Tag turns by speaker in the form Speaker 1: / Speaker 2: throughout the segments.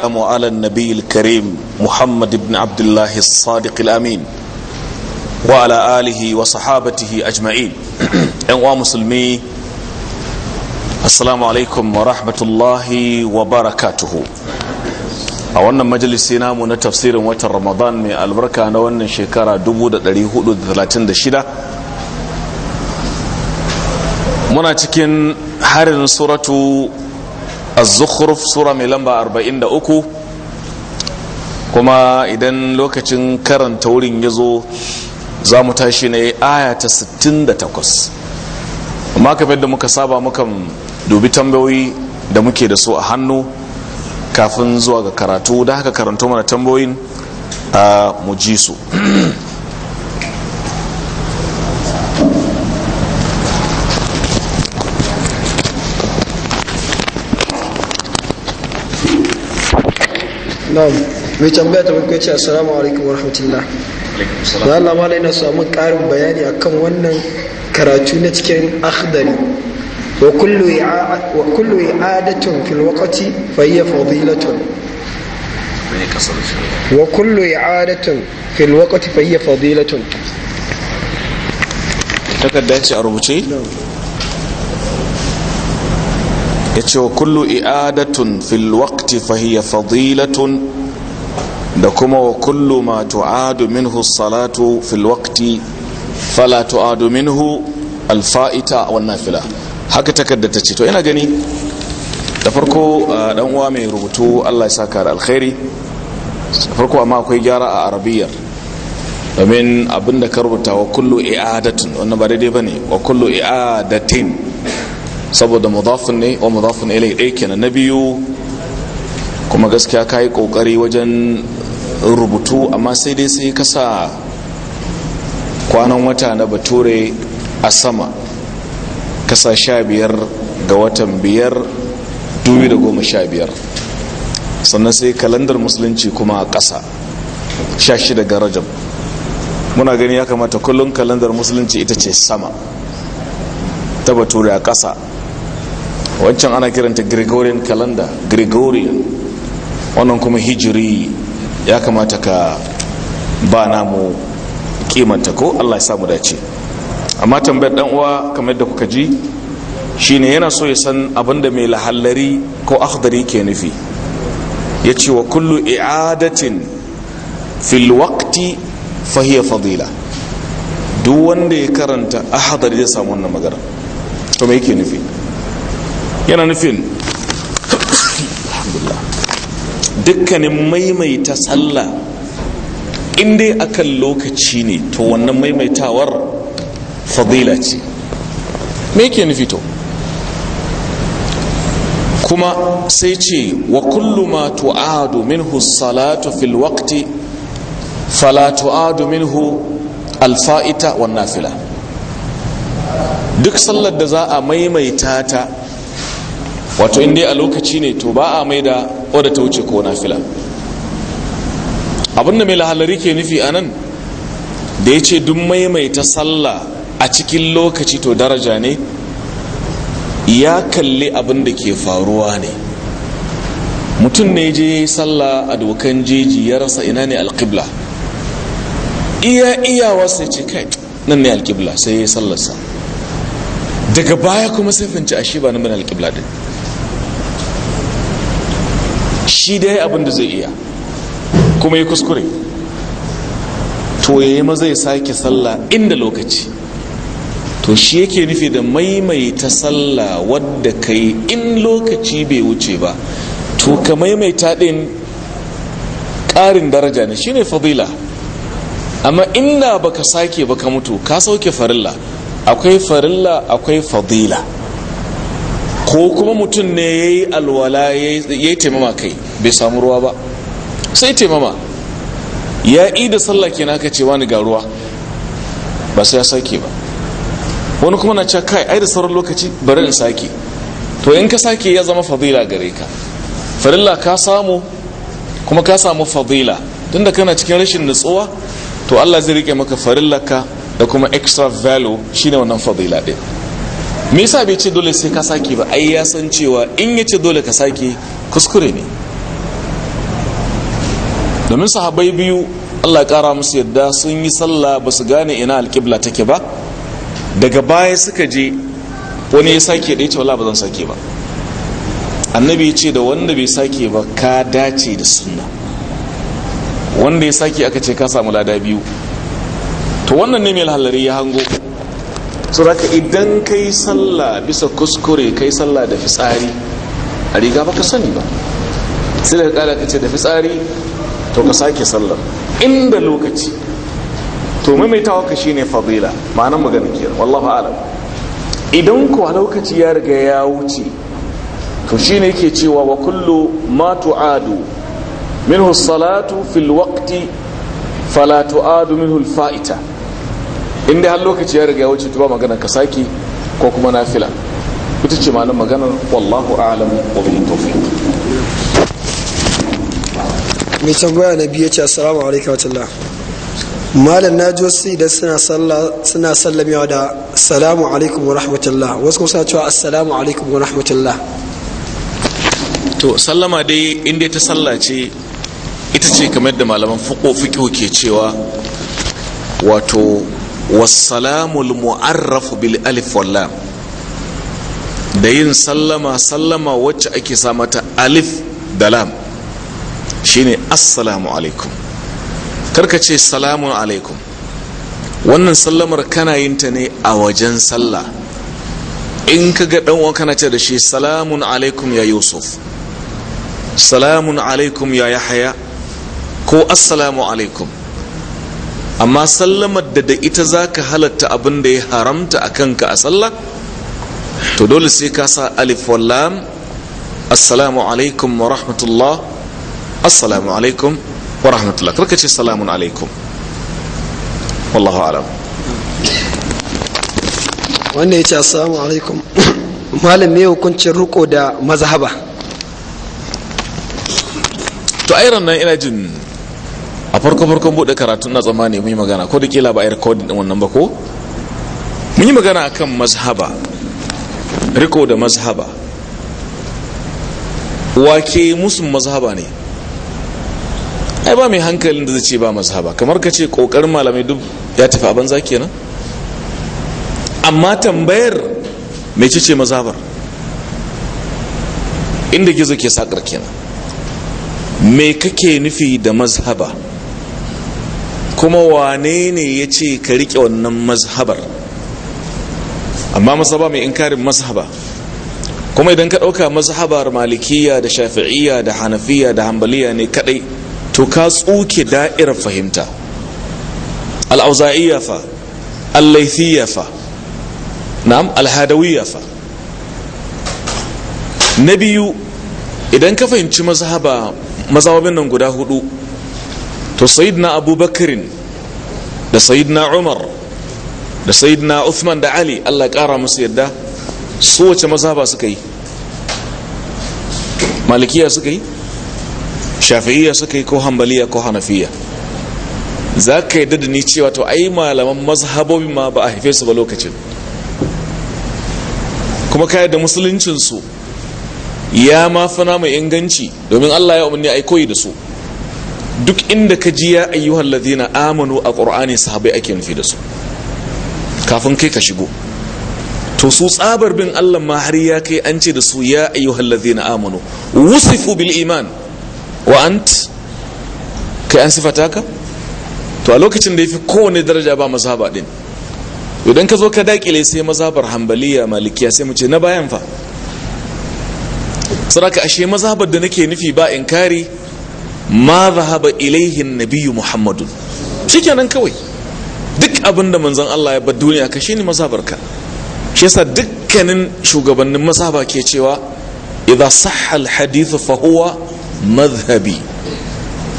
Speaker 1: السلام على النبي الكريم محمد بن عبد الله الصادق الأمين وعلى آله وصحابته أجمعين أنواع مسلمي السلام عليكم ورحمة الله وبركاته a wannan majalisi namu na tafsirin watan ramadan mai albarka na wannan shekara 436 muna cikin harin suratu az-zukhruf sura mai lamba 43 kuma idan lokacin karanta wurin yazo za mu tashi ne aya ta 68 amma kafin da muka saba mukan dubi tambayoyi da muke da su a hannu kafin zuwa ga karatu da haka karanto mana tambayoyin a mu ji su
Speaker 2: na'am mai tambaya ta farko ya ce assalamu alaikum wa rahmatullah da Allah ma ina samu karin bayani akan wannan karatu na cikin akhdari wa kullu wa kullu i'adatun fil waqti fa hiya fadilatun wa kullu i'adatun fil waqti fa hiya fadilatun
Speaker 1: takarda ce a rubuce ya ce wa kullu i'adatun fil waqti fahiya fadilatun da kuma wa kullu ma tu'adu minhu salatu fil waqti fala tu'adu minhu alfa'ita wa nafila haka takarda ta ce to ina gani da farko dan uwa mai rubutu Allah ya saka da alkhairi da farko amma akwai gyara a arabiyyar domin abinda ka rubuta wa kullu i'adatun wannan ba daidai bane wa kullu i'adatin saboda mudafin ne wa mudafin ilai aiki eh, kenan na biyu kuma gaskiya ka yi ƙoƙari wajen rubutu amma sai dai sai kasa sa kwanan wata na bature a sama kasa sha biyar ga watan biyar dubi sannan sai kalandar musulunci kuma a ƙasa sha ga rajab muna gani ya kamata kullum kalandar musulunci ita ce sama ta bature a ƙasa wancan ana kiranta gregorian calendar gregorian wannan kuma hijiri ya kamata ka ba namu kimanta ko allah ya samu dace amma tambayar dan uwa kamar da kuka ji shine yana so ya san abinda mai lahallari ko akhdari ke nufi ya ce wa kullu i'adatin fil waqti fahiya fadila duk wanda ya karanta ahadari zai samu wannan magana to me yake nufi yana nufin dukkanin maimaita sallah in dai akan lokaci ne to wannan maimaitawar fadila ce me yake nufi to kuma sai ce wa kullu ma tu'adu minhu salatu fil waqti fala tu'adu minhu alfa'ita wan nafila duk sallar da za a maimaita ta wato in a lokaci ne to ba a mai da wadda ta wuce ko nafila abinda mai lahalari ke nufi a nan da ya ce duk maimaita sallah a cikin lokaci to daraja ne ya kalli abin da ke faruwa ne mutum ne je ya yi sallah a dokan jeji ya rasa ina ne alkibla iya iyawa sai ce kai nan ne alkibla sai ya yi sallarsa daga baya kuma sai a ashe ba nan alkibla din shi dai abin da zai iya kuma ya kuskure to ya yi mazai sake sallah inda lokaci to shi yake nufi da maimaita sallah wadda ka yi in lokaci bai wuce ba to ka maimaita ɗin ƙarin daraja ne shine fadila amma inda baka sake ka mutu ka sauke farilla akwai farilla akwai fadila ko kuma mutum ne ya yi alwala ya yi taimama kai bai samu ruwa ba sai taimama ya yi da sallah kenan ka ce wani ga ruwa ba sai ya sake ba wani kuma na cewa kai ai da sauran lokaci bari in sake to in ka sake ya zama fadila gare ka farilla ka samu kuma ka samu fadila tunda kana cikin rashin nutsuwa to Allah zai rike maka farillarka da kuma extra value shine wannan fadila din me yasa bai ce dole sai ka sake ba ai ya san cewa in ya ce dole ka sake kuskure ne domin sahabai biyu Allah kara musu yadda sun yi sallah ba su gane ina alƙibla take ba daga baya suka je wani ya sake da ya ce wala ba zan sake ba annabi ya ce da wanda bai sake ba ka dace da sunna wanda ya sake aka ce ka samu lada biyu to wannan ne mai halari ya hango su raka idan kai sallah bisa kuskure kai sallah da fitsari a riga baka sani ba sai daga kara ka ce da fitsari to ka sake sallar inda lokaci to maimaitawa ka shine fadila ma'anar magana kenan wallahu alam idan kuwa lokaci ya riga ya wuce to shine yake cewa wa kullu ma tu'adu minhu salatu fil waqti fala tu'adu minhu al fa'ita inda har lokaci ya riga ya wuce to ba magana ka sake ko kuma nafila ita ce malam maganar wallahu a'lam wa bihi tawfiq
Speaker 2: mai tambaya na biyu ya ce assalamu alaikum wa malam na ji wasu idan suna sallamewa da salamu alaikum wa rahmatullah wasu kuma suna cewa assalamu alaikum wa rahmatullah
Speaker 1: to sallama dai inda ta salla ce ita ce kamar da malaman fuko fiƙo ke cewa wato wassalamu mu'arrafu bil alif wallam da yin sallama sallama wacce ake sa mata alif da lam shine assalamu alaikum karka ce salamu alaikum wannan sallamar kana yinta ne a wajen sallah in ka ga dan uwan kana ce da shi salamun alaikum ya yusuf salamun alaikum ya yahaya ko assalamu alaikum amma sallamar da da ita zaka halatta abin da ya haramta a kanka a sallah to dole sai ka sa alif wallam assalamu alaikum wa rahmatullah assalamu alaikum wa rahmatullah karka ce salamun alaikum wallahu alam wanda ya ce assalamu alaikum
Speaker 2: malam me hukuncin riko da mazhaba
Speaker 1: to airan nan ina jin a farko farkon bude karatu na tsammani mun yi magana ko da kila ba a yi recording din wannan ba ko mun yi magana akan mazhaba riko da mazhaba ke musun mazhaba ne ai ba mai hankalin da zai ce ba mazhaba kamar ka ce kokarin malamai duk ya tafi a banza kenan amma tambayar mai ce ce mazhabar inda gizo ke sakar kenan me kake nufi da mazhaba kuma wane ne ya ce ka rike wannan mazhabar amma mazhaba mai inkarin mazhaba kuma idan ka ɗauka mazhabar malikiya da shafi'iyya da hanafiya da hambaliya ne kaɗai to ka tsuke da'irar fahimta al'auza'iyya fa al fa na'am al-hadawiyya fa na biyu idan ka fahimci mazhaba mazhabin nan guda hudu to sayyidina abubakarin da sayyidina umar da sayyidina uthman da ali Allah kara musu yadda su wace mazhaba suka yi malikiya suka yi shafi'iyya suka yi ko hambaliya ko hanafiya za ka yi da ni cewa to ai malaman mazhabobi ma ba a haife su ba lokacin kuma ka da musuluncinsu ya ma fana mai inganci domin allah ya umarni ai koyi da su duk inda ka ji ya ayyuhal na amanu a ƙur'ani sahabai ake nufi da su kafin kai ka shigo to su tsabar bin allah ma har ya kai an ce da su ya ayyuhal ladina amanu wusifu bil iman wa kai an sifata ka to a lokacin da ya fi kowane daraja ba mazhaba din idan ka zo ka dakile sai mazhabar hambaliya malikiya sai mu ce na bayan fa saraka ashe mazhabar da nake nufi ba inkari ma zahaba ilaihin nabiyyu muhammadun shikenan kawai duk abin da manzon Allah ya bar duniya ka shine mazhabar ka shi yasa dukkanin shugabannin mazhaba ke cewa idza sahha al hadith fa huwa mazhabi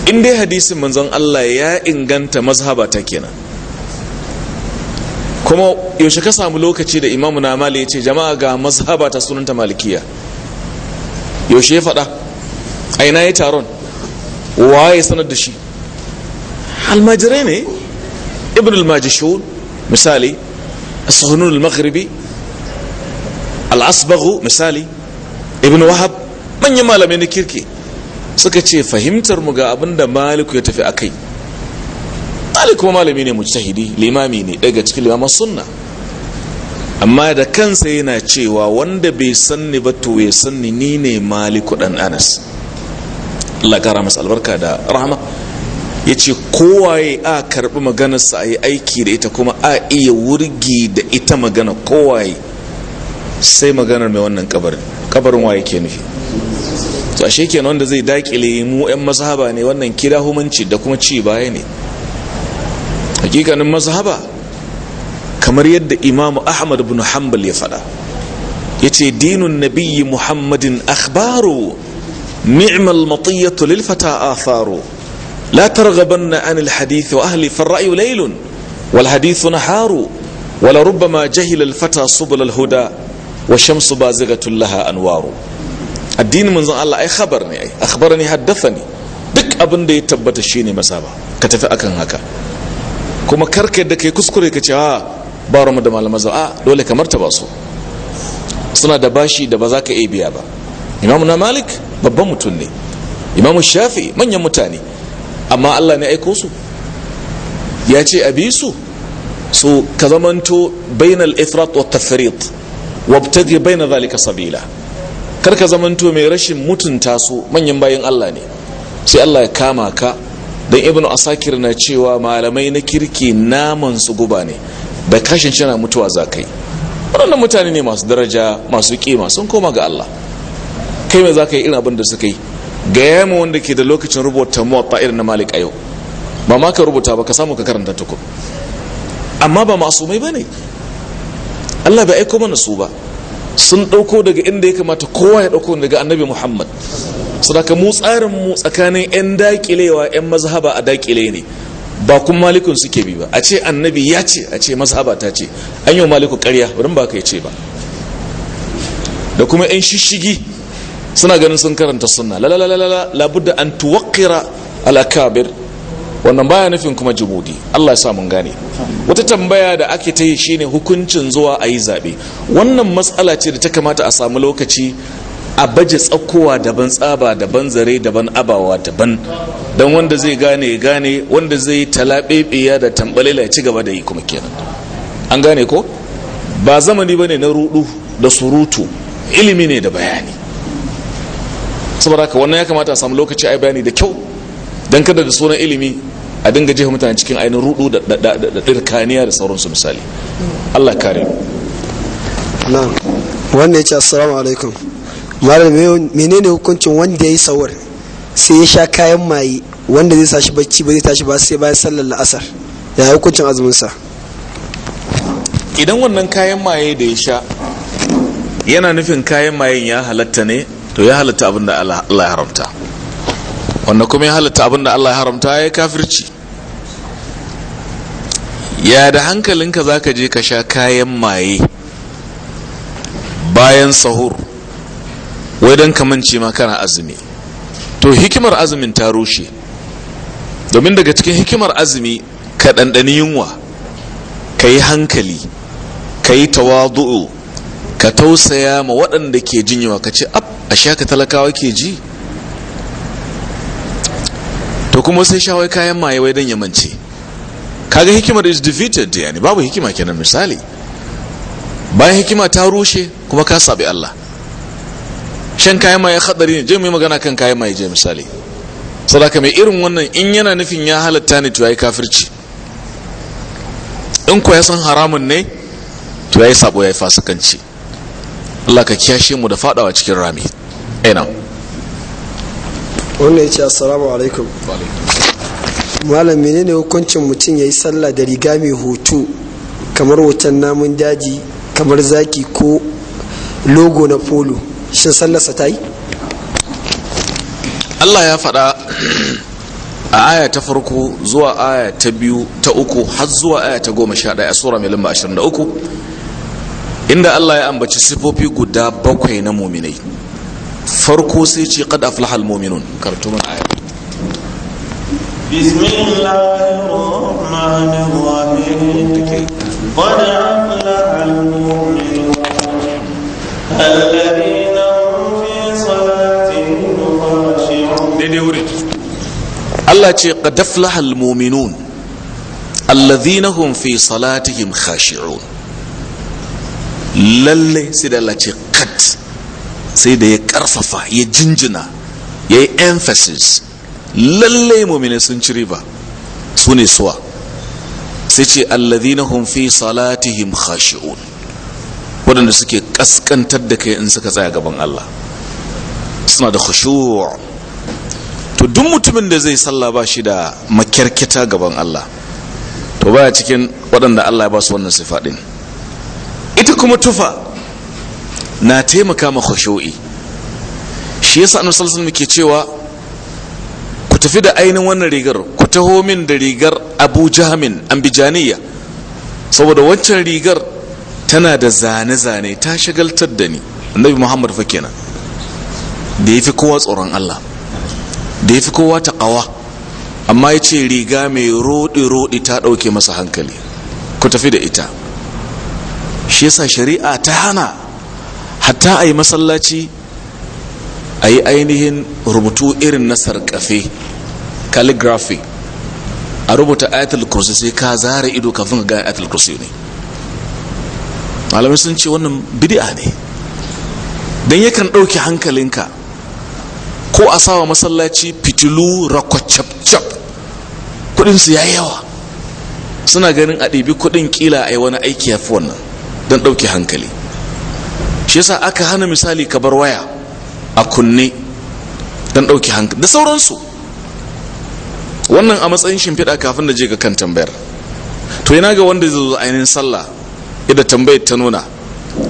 Speaker 1: in dai hadisin manzon Allah ya inganta mazhaba ta kenan kuma yaushe ka samu lokaci da imamu na mali ya ce jama'a ga mazhaba ta sunanta malikiya yaushe ya faɗa aina ina ya taron waye sanar da shi almajirai ne ibn almajishun misali as-suhunun al-maghribi al-asbaghu misali ibn wahab manyan malamai na kirki suka ce fahimtar mu ga abin da maliku ya tafi a kai malik kuma malami ne mujtahidi limami ne daga cikin limaman sunna amma da kansa yana cewa wanda bai sanni ba to ya sanni ni ne maliku dan anas Allah kara masa albarka da rahama ya ce kowaye a karbi maganarsa a yi aiki da ita kuma a iya wurgi da ita magana kowaye sai maganar mai wannan kabarin kabarin waye ke nufi to ashe kenan wanda zai dakile mu yan mazhaba ne wannan kira humanci da kuma ci baya ne hakikanin mazhaba kamar yadda imamu ahmad bin hanbal ya faɗa yace ce dinun nabiyyi muhammadin akhbaru ni'mal matiyatu lil fata atharu la targhabanna an al hadith wa ahli fa ra'yu laylun wal hadith naharu wala la rubbama jahila al fata subul al huda wa shamsu bazighatun laha anwaru addinin manzon Allah ai khabar ne ai akhbarani haddathani duk abin da ya tabbata shine ba ka tafi akan haka kuma karka da kai kuskure ka ce ah, ba mu da malaman a ah, dole kamar ta basu suna da bashi da ba za ka iya biya ba imamu na malik babban mutum ne imamu shafi manyan mutane amma Allah ne aiko su ya ce a bi su su ka zamanto bainal ifrat wa tafrit wabtagi bainal zalika sabila karka zamanto mai rashin mutunta su manyan bayan Allah ne sai Allah ya kama ka don ibnu asakir na cewa malamai na kirki naman su guba ne da kashin cina mutuwa za kai waɗannan mutane ne masu daraja masu kima sun koma ga Allah kai mai za ka yi irin abin da suka yi ga mu wanda ke da lokacin rubuta mu a irin na malik a yau ba ma ka rubuta ba ka samu ka karanta tukun amma ba masu mai ba ne Allah bai aiko mana su ba sun ɗauko daga inda ya kamata kowa ya ɗauko daga annabi muhammad sadaka mu tsarin mu tsakanin 'yan dakilewa 'yan mazhaba a dakile ne ba kun malikun suke bi ba a ce annabi ya ce a ce mazhaba ta ce an yi maliku karya wurin ba ka ce ba da kuma 'yan shishigi suna ganin sun karanta sunna la la la la labudda an tuwakira al-akabir wannan baya nufin kuma jumudi Allah ya sa mun gane wata tambaya da ake ta yi shine hukuncin zuwa a yi zaɓe wannan matsala ce da ta kamata a samu lokaci a baje tsakowa daban tsaba daban zare daban abawa daban don wanda zai gane ya gane wanda zai talaɓeɓiya da tambalela ya ci gaba da yi kuma kenan an gane ko ba zamani ba ne na rudu da surutu ilimi ne da bayani saboda haka wannan ya kamata a samu lokaci a bayani da kyau don kada da sunan ilimi a dinga jefa mutane cikin ainihin rudu da ɗirkaniya da sauransu misali allah kare na
Speaker 2: wannan ya ce assalamu alaikum malam menene hukuncin wanda ya yi sawar sai ya sha kayan maye wanda zai sashi bacci ba zai tashi ba sai bayan sallar la'asar ya yi hukuncin azuminsa
Speaker 1: idan wannan kayan maye da ya sha yana nufin kayan mayen ya halatta ne to ya halatta abin da Allah ya haramta wanda kuma ya halatta abin da Allah ya haramta ya kafirci ya da hankalinka za ka je ka sha kayan maye bayan sahur wai don kamance ma kana azumi to hikimar azumin ta rushe domin daga cikin hikimar azumi ka ɗanɗani yunwa ka yi hankali ka yi tawadu'u ka tausaya ma waɗanda ke jin ka ce ab a sha ka talakawa ke ji to kuma sai shawai kayan maye wai don yamance kaga hikimar is defeated yani babu hikima kenan misali bayan hikima ta rushe kuma ka sabi Allah shan kayan maye hadari ne je mu yi magana kan kayan maye je misali sadaka mai irin wannan in yana nufin ya halatta ne to yayi kafirci in ko ya san haramun ne to yayi sabo yayi fasikanci Allah ka kiyashe mu da fadawa cikin rami aina
Speaker 2: wannan yace assalamu alaikum malam menene hukuncin mutum ya yi sallah da riga mai hoto kamar wutan namun daji kamar zaki ko logo na polo shin sallarsa ta yi
Speaker 1: allah ya faɗa a aya ta farko zuwa aya ta biyu ta uku har zuwa aya ta goma sha ɗaya a sura mai lamba ashirin da uku inda allah ya ambaci sifofi guda bakwai na mominai farko sai ce kad aflahal muminun karatu mana aya
Speaker 3: بسم الله الرحمن الرحيم
Speaker 1: قد أفلح المؤمنون الذين هم في صلاتهم خاشعون الله يقول قد أفلح المؤمنون الذين هم في صلاتهم خاشعون lalle sai da Allah ce kat sai da ya karfafa ya jinjina ya yi emphasis lalle mumine sun ci riba su ne suwa sai ce alladhina na fi salatihim khashi'un waɗanda suke ƙasƙantar da kai in suka tsaya gaban Allah suna da khushu' to duk mutumin da zai salla ba shi da makyarkita gaban Allah to baya cikin waɗanda Allah ya ba su wannan sifa ɗin ita kuma tufa na taimaka ma khushu'i shi yasa annabi sallallahu alaihi wasallam ke cewa tafi da ainihin wannan rigar ku taho min da rigar abu jamin ambijaniya saboda wancan rigar tana da zane-zane ta shagaltar da ni annabi muhammad fa kenan da ya fi kowa tsoron allah da ya fi kowa taƙawa amma ya ce riga mai roɗi-roɗi ta ɗauke masa hankali ku tafi da ita shi yasa shari'a ta hana hatta a yi masallaci a yi ainihin rubutu irin na sarƙafe calligraphy a rubuta ayatul kursi sai ka zara ido kafin ka ga ayatul kursi ne malamai sun ce wannan bidi'a ne dan yakan ɗauke hankalinka ko a sawa masallaci fitilu rakwacap-cap kudinsu ya yawa suna ganin a ɗibi kudin kila a yi wani aiki ya fi wannan don ɗauke hankali shi yasa aka hana misali ka bar waya a kunne don ɗauke hankali da sauransu wannan a matsayin shimfiɗa kafin da je ga kan tambayar to yana ga wanda zai zo ainihin sallah idan tambayar ta nuna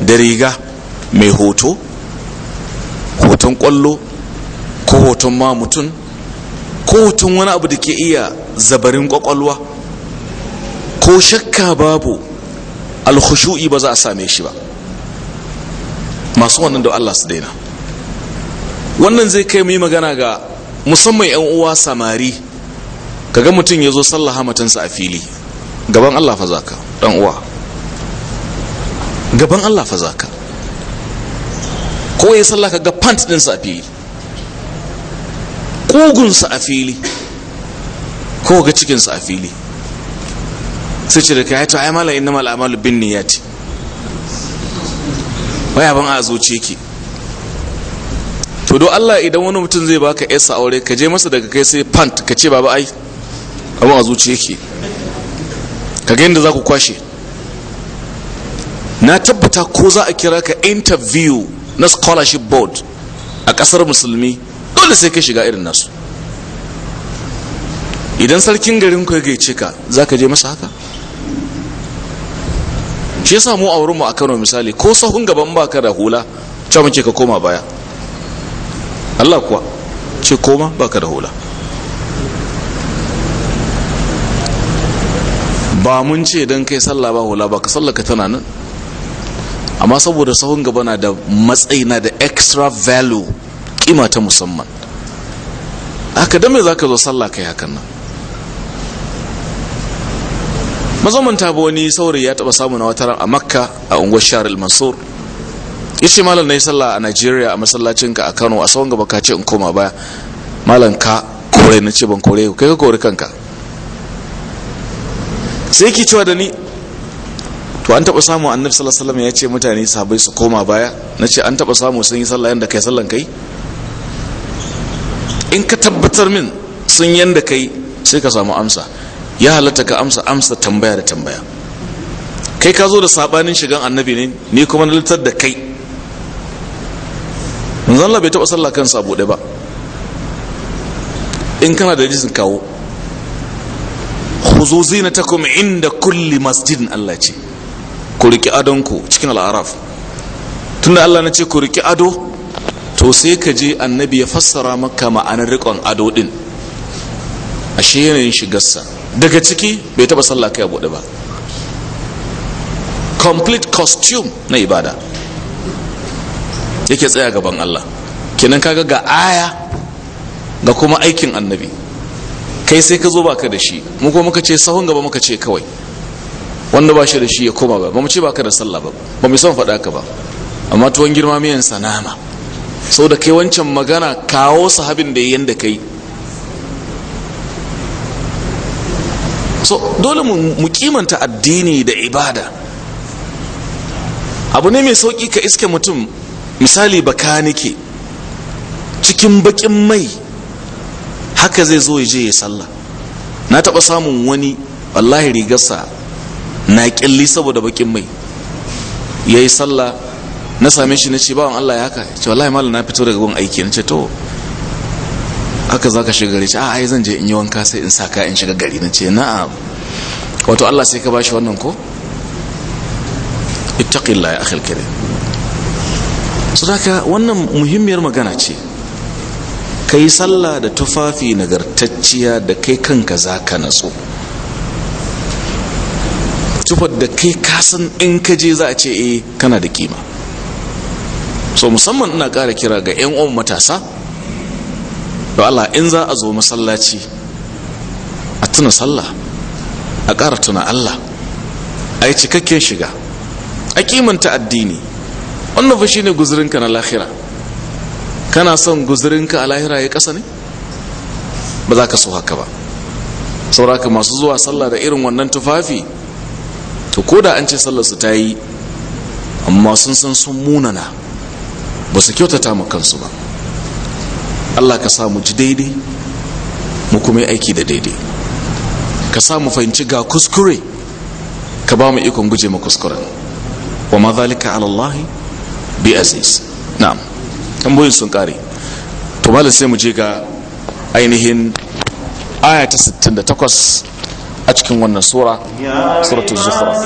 Speaker 1: da riga mai hoto hoton kwallo ko hoton ma mutum ko hoton wani abu da ke iya zabarin kwakwalwa ko shakka babu alkhushu'i ba za a same shi ba masu wannan da Allah su daina wannan zai kai mu yi magana ga musamman 'yan uwa samari kaga mutum ya zo sallah hamatansa a fili gaban allah fa zaka dan uwa gaban allah fa zaka ko ya sallah kaga pant ɗinsa a fili kugunsa a fili ko ga cikinsa a fili sai ce da kai ta ai malam inna mal amalu bin niyyati baya ban a zuciye ki to do Allah idan wani mutum zai baka yasa aure ka je masa daga kai sai pant ka ce baba ai abin a zuci yake kaga yadda za ku kwashe na tabbata ko za a kira ka interview na scholarship board a kasar musulmi dole sai ka shiga irin nasu idan sarkin garin ku ya ce ka za ka je masa haka shi yasa mu a wurin mu a Kano misali ko sahun gaban baka da hula cewa muke ka koma baya Allah kuwa ce koma baka da hula ba mun ce don kai sallah ba hula ba ka sallaka tana nan amma saboda sahun gaba na da matsayi na da extra value kima ta musamman haka dame za ka zo sallah kai hakan nan mazamanta ba wani saurayi ya taba samun na wataran a makka a unguwar shahar mansur ya ce malam na yi sallah a nigeria a masallacin ka a kano a sahun gaba ka ce in koma baya malam ka kore na ce ban kore kai ka kore kanka sai ke cewa da ni to an taba samu annabi sallallahu alaihi wasallam ya ce mutane sahabbai su koma baya nace an taba samu sun yi sallah yanda kai sallan kai in ka tabbatar min sun yanda kai sai ka samu amsa ya halatta ka amsa amsa tambaya da tambaya kai ka zo da sabanin shigan annabi ne ni kuma na littar da kai manzon Allah bai taba sallah kansa abu ba in kana da jisin kawo khuzu zinatakum inda kulli masjidin Allah ce ku riki adonku cikin al'araf tunda Allah na ce ku riki ado to sai ka je annabi ya fassara maka ma'anar rikon ado din ashe yanayin shigarsa daga ciki bai taba sallah kai bude ba complete costume na ibada yake tsaya gaban Allah kenan kaga ga aya ga kuma aikin annabi kai sai ka zo baka da shi mu ko muka ce sahun gaba muka ce kawai wanda ba shi da shi ya koma ba ba mu ce baka da sallah ba ba mu son faɗa ka ba amma tuwon girma miyan sanama sau da kai wancan magana kawo sahabin da yanda kai so dole mu kimanta addini da ibada abu ne mai sauki ka iske mutum misali bakanike cikin baƙin mai haka zai zo ya je ya sallah na taɓa samun wani wallahi rigarsa na kyalli saboda bakin mai ya yi sallah na same shi na ce bawan Allah ya kai ce wallahi malam na fito daga gwan aiki na ce to haka za ka shiga gari ce a ai zan je in yi wanka sai in sa ka in shiga gari na ce na'am wato Allah sai ka bashi wannan ko ittaqillahi akhil karim so daga wannan muhimmiyar magana ce ka sallah da tufafi nagartacciya da kai kanka za ka natsu tufar da kai kasan in ka je za a ce e kana da kima so musamman ina ƙara kira ga 'yan uwan matasa da Allah in za a zo masallaci a tuna sallah a ƙara tuna Allah a yi cikakken shiga a kimanta addini wannan fashi ne guzurinka na lahira kana son guzurinka a lahira ya kasa ne ba za ka so haka ba sauraka masu zuwa sallah da irin wannan tufafi to ko da an ce su ta yi amma sun san sun munana ba su kyautata mu kansu ba allah ka sa mu ji daidai mu kuma yi aiki da daidai ka sa mu fahimci ga kuskure ka ba mu ikon guje ma kuskuren wa ma zalika ala bi aziz na'am tambayoyin sun kare to malam sai mu je ga ainihin aya ta 68 a cikin wannan sura suratul zukhruf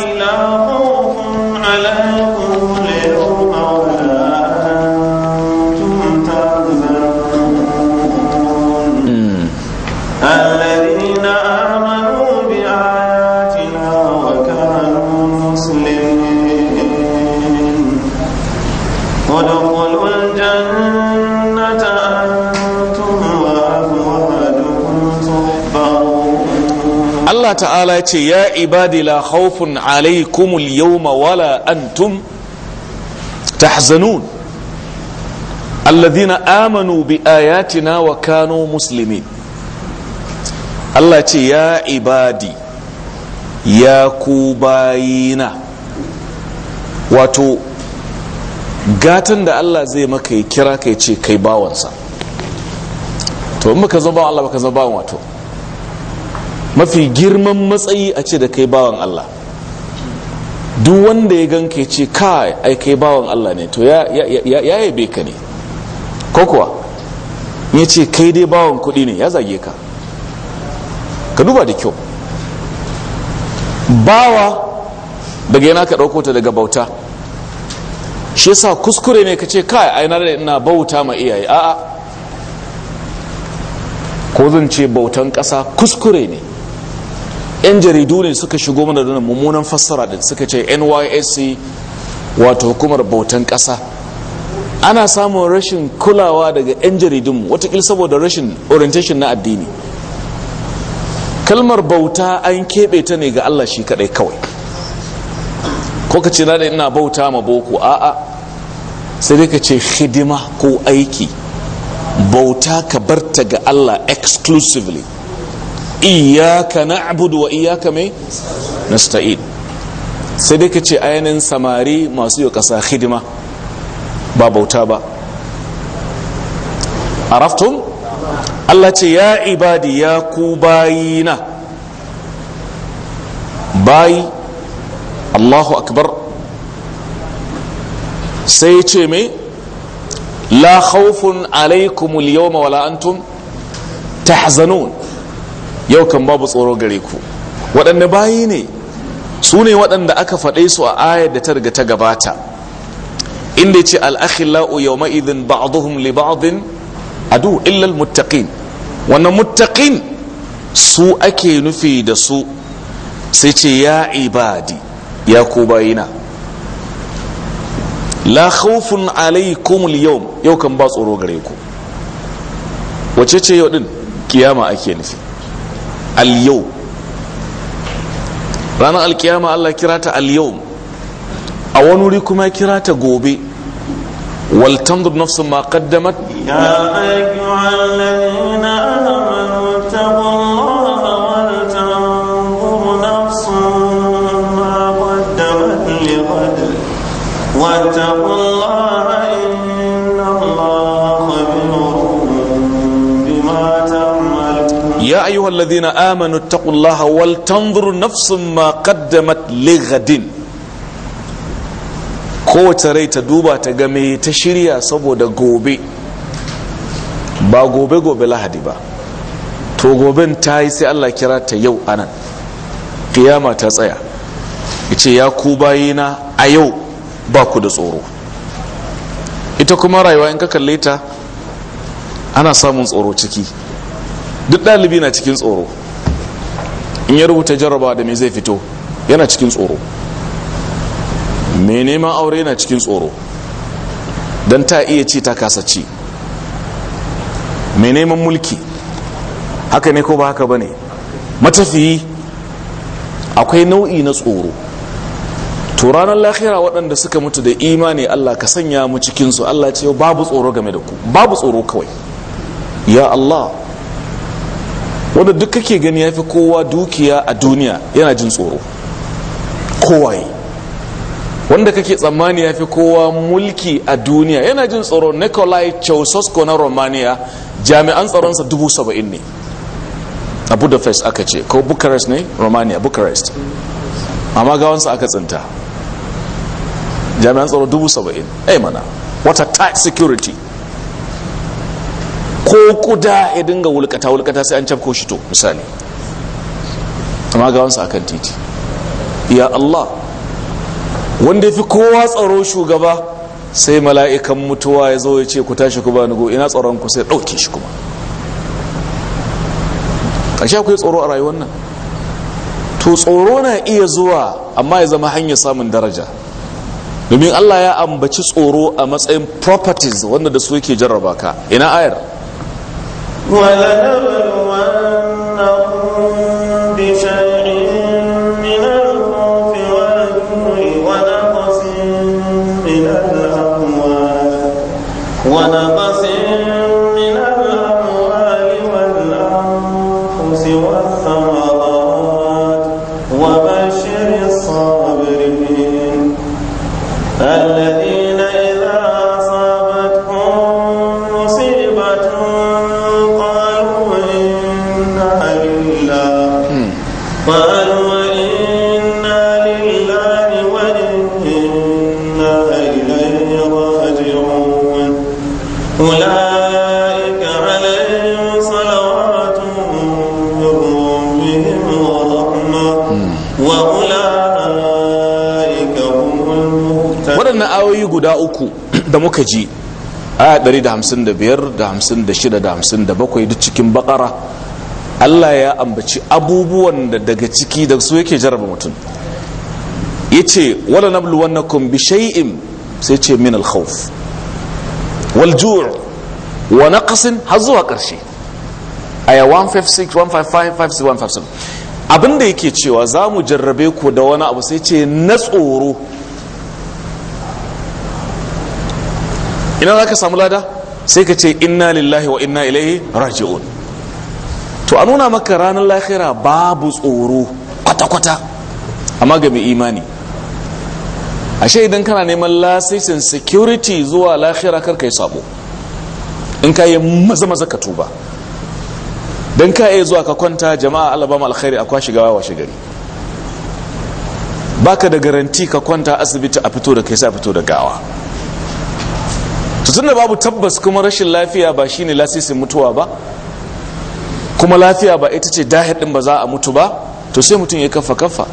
Speaker 1: ta'ala ya ce ya ibadi la khawfun alaikumul yawma wala antum tahzanun alladhina amanu bi ayatina wa kanu muslimin Allah ce ya ibadi ya ku bayina wato gatan da Allah zai maka ya kira kai ce kai bawansa to in baka zama Allah baka zama bawan wato mafi girman matsayi a ce da kai bawan Allah duk wanda ya gan ka ce kai ai kai bawan Allah ne to ya yabe ka ne ko kuwa ya ce kai dai bawan kuɗi ne ya zage ka ka duba da kyau bawa daga yana ka ɗauko ta daga bauta shi yasa kuskure ne ka ce kai ai na da ina bauta ma iyaye a'a ko zan ce bautan ƙasa kuskure ne 'yan jaridu ne suka shigo mana da mummunan fassara da suka ce nysc wato hukumar bautan ƙasa ana samun rashin kulawa daga 'yan jaridun watakil saboda rashin orientation na addini kalmar bauta an keɓe ta ne ga allah shi kaɗai kawai ko ka ce na ina bauta ma boko a'a sai dai ka ce hidima ko aiki bauta ka barta ga allah exclusively iyaka na'budu wa iyaka mai nasta'in sai dai ce ainihin samari masu yi kasa hidima ba bauta ba araftun Allah ce ya ibadi ya ku bayina bayi Allahu akbar sai ce mai la khawfun alaikumul yawma wala antum tahzanun yau kan babu tsoro gare ku waɗanne bayi ne su ne waɗanda aka faɗe su a ayar da ta riga ta gabata inda ce al'akhila'u yau ma'idin ba'aduhum li ba'adin adu illal muttaqin wannan muttaqin su ake nufi da su sai ce ya ibadi ya ku bayina la khawfun alaikum yau yau kan ba tsoro gare ku wace ce yau din kiyama ake nufi aliyau ranar alkiyama Allah kira ta a wani wuri kuma kira ta gobe waltan tanzur nafsun ma qaddamat Ya يا أيها الذين آمنوا اتقوا الله ولتنظر نفس ما قدمت لغد kowace rai ta duba ta game ta shirya saboda gobe ba gobe gobe lahadi ba to goben ta yi sai allah kirata ta yau anan kiyama ta tsaya ce ya ku bayina a yau baku da tsoro ita kuma rayuwa in ka kalle ta ana samun tsoro ciki duk ɗalibi na cikin tsoro in ya rubuta jarraba da me zai fito yana cikin tsoro mai neman aure na cikin tsoro don ta iya ci ta kasa ci mai neman mulki haka ne ko ba haka ba ne matafiyi akwai nau'i na tsoro to ranar lahira waɗanda suka mutu da imani Allah ka sanya mu cikinsu Allah ce babu tsoro game da ku babu tsoro kawai ya Allah wanda duk kake gani ya fi kowa dukiya a duniya yana jin tsoro yi wanda kake tsammani ya fi kowa mulki a duniya yana jin tsoro nikolai ceausescu na romania jami'an tsaronsa dubu saba'in ne a budapest aka ce ko bucharest ne romania bucharest amma gawansa aka tsinta jami'an tsaro dubu saba'in ai eh mana what a tight security ko kuda ya dinga wulkata wulkata sai an cafko shi to misali amma ga wansa akan titi ya Allah wanda ya fi kowa tsaro shugaba sai mala'ikan mutuwa ya zo ya ce ku tashi ku bani go ina tsaron ku sai ɗauke shi kuma ƙarshe akwai tsoro a rayuwar nan to tsoro na iya zuwa amma ya zama hanyar samun daraja domin Allah ya ambaci tsoro a matsayin properties wanda da su yake jarraba ka ina ayar وذهب guda uku da muka ji aya 155 da 56 da 57 duk cikin bakara Allah ya ambaci abubuwan da daga ciki da su yake jaraba mutum Ya yace wala wannan bi shay'in sai ce min al-khawf wal kasin wa naqsin har zuwa karshe aya 156 155 157 abinda yake cewa za mu jarrabe ku da wani abu sai ce na tsoro ina za ka samu lada sai ka ce inna lillahi wa inna ilaihi raji'un to a nuna maka ranar lahira babu tsoro kwata-kwata amma ga mai imani ashe idan kana neman lasisin security zuwa lahira kar kai sabo in ka yi maza-maza ka tuba don ka iya zuwa ka kwanta jama'a alabama alkhairi akwai shigawa washe gari baka da garanti ka kwanta asibiti a fito da kai sai a fito da gawa to tunda babu tabbas kuma rashin lafiya ba shine lasisin mutuwa ba kuma lafiya ba ita ce dahir din ba za a mutu ba to sai mutum ya kafa kafa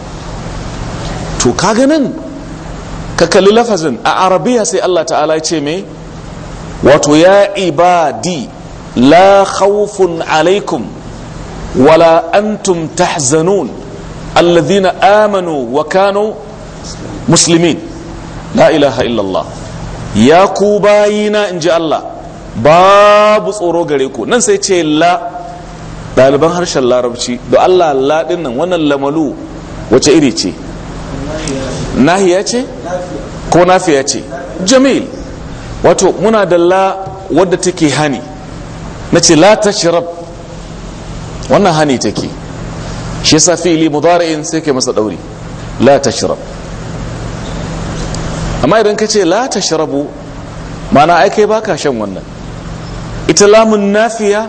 Speaker 1: to ka nan ka kalli lafazin a arabiya sai Allah ta'ala ya ce me wato ya ibadi la khawfun alaikum wala antum tahzanun alladhina amanu wa kanu muslimin la ilaha illallah ya ku bayina in ji Allah babu tsoro gare ku nan sai ce la ɗaliban harshen larabci da Allah la nan wannan lamalu wace iri ce nahiya ce ko nafiya ce jamil wato muna da la wadda take hani na ce la ta shirab wannan hani take shi safi fi'ili mudari'in sai ke masa ɗauri la ta shirab amma idan ka ce la sharabu mana ai baka shan wannan ita lamun nafiya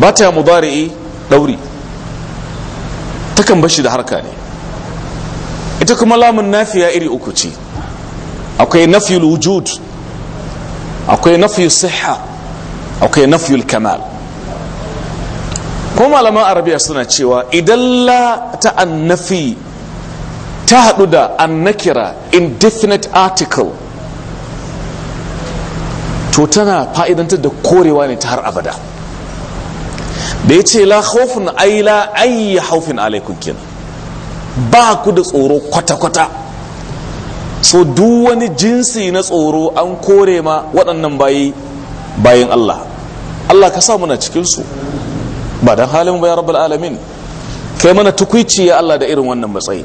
Speaker 1: ba ta mudari'i dauri takan bashi da harka ne ita kuma lamun nafiya iri uku ce akwai nafiyul wujud akwai nafiyul sihha akwai nafiyul kamal ko malaman arabiya suna cewa idan la ta'annafi ta haɗu da annakira indefinite article to tana fa'idantar da korewa ne ta har abada da ya ce la haufin aila ayi haufin alaikun kenan ba ku da tsoro kwata-kwata so duk wani jinsi na tsoro an kore ma waɗannan bayi bayan Allah Allah ka sa muna cikinsu ba don halin bayan rabbal alamin kai mana tukwici ya Allah da irin wannan matsayi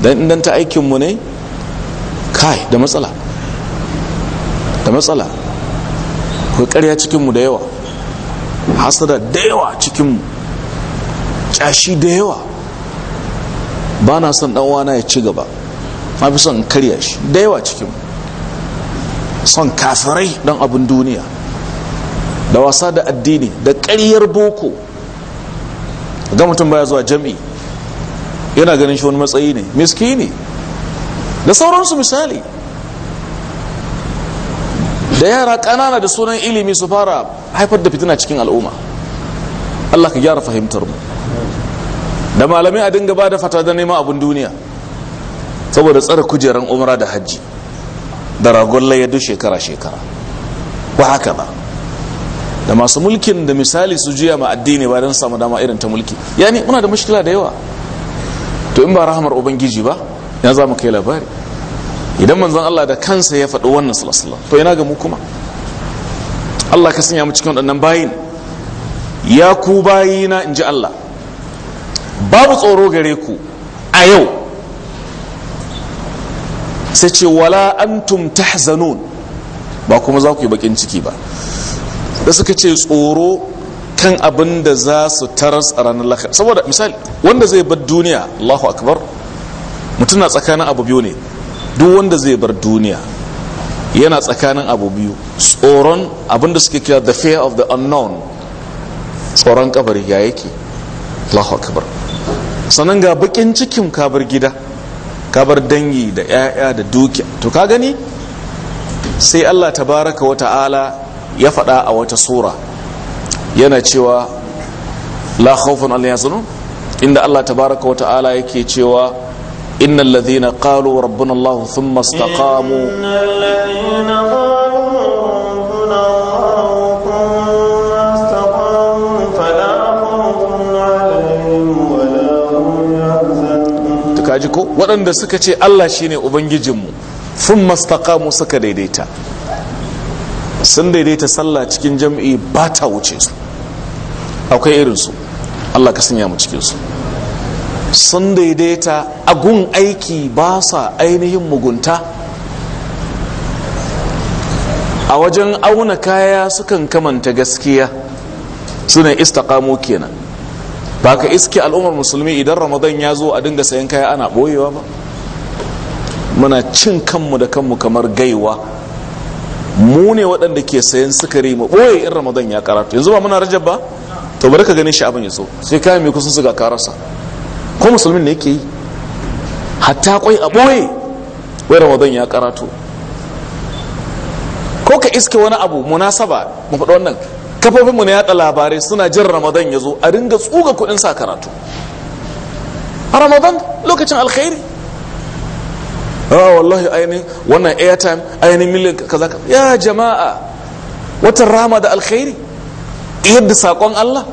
Speaker 1: dan idan ta aikinmu ne kai da matsala da matsala akwai karya cikinmu da yawa hasada da yawa cikinmu kyashi da yawa ba na son ɗanwana ya ci gaba na fi son karya shi da yawa cikinmu son kafirai don abin duniya da wasa da addini da ƙaryar boko ga mutum baya zuwa jam'i yana ganin shi wani matsayi ne miski ne. da sauransu misali da yara ƙanana da sunan ilimi su fara haifar da fitina cikin al'umma Allah ka gyara fahimtar mu da malamai a dinga ba da fata da neman abin duniya saboda tsara kujeran umra da hajji da ragon layar duk shekara-shekara ba haka ba da masu mulkin da misali su juya ma addini ba don samu dama irin ta mulki yani muna da mashkila da yawa to in ba rahamar ubangiji ba ya za mu kai labari idan manzon Allah da kansa ya faɗi wannan sallallahu to ina ga mu kuma Allah ka sanya mu cikin waɗannan bayin ya ku bayina in ji Allah babu tsoro gare ku a yau sai ce wala antum tahzanun ba kuma za ku yi bakin ciki ba da suka ce tsoro kan abin da za su taras a ranar lahira saboda misali wanda zai bar duniya allahu akbar mutum na tsakanin abu biyu ne duk wanda zai bar duniya yana tsakanin abu biyu tsoron abin da suke kira the fear of the unknown tsoron kabari ya yake allahu akbar sannan ga bakin cikin kabar gida kabar dangi da 'ya'ya da dukiya to ka gani sai allah tabaraka wa ta'ala ya faɗa a wata sura yana cewa la khawfun alayhi yahzanun inda Allah tabaraka wa ta'ala yake cewa innal ladhina qalu rabbuna Allah thumma istaqamu ko waɗanda suka ce Allah shine ubangijinmu sun mastakamu suka daidaita sun daidaita sallah cikin jam'i ba ta wuce su akwai irinsu allah ka sanya mu cikin su. sun daidaita agun aiki ba sa ainihin mugunta a wajen auna kaya sukan kamanta gaskiya suna istakamu kenan ba ka iske al'ummar musulmi idan ramadan ya zo a dinga sayan kaya ana boyewa ba muna cin kanmu da kanmu kamar gaiwa mu ne waɗanda ke sayan sukari mu ɓoye in ramadan ya karatu yanzu ba muna rajab ba to bari ka gane shi abin ya so sai kayan mai kusan su ga karasa ko musulmin ne yake yi hatta kwai a boye wai ramadan ya karato ko ka iske wani abu munasaba mu faɗa wannan kafofin mu na yada labarai suna jin ramadan ya zo a ringa tsuga kuɗin sa karatu a ramadan lokacin alkhairi ah wallahi ainihin wannan airtime ainihin miliyan kaza ya jama'a watan rama da alkhairi iyar da saƙon Allah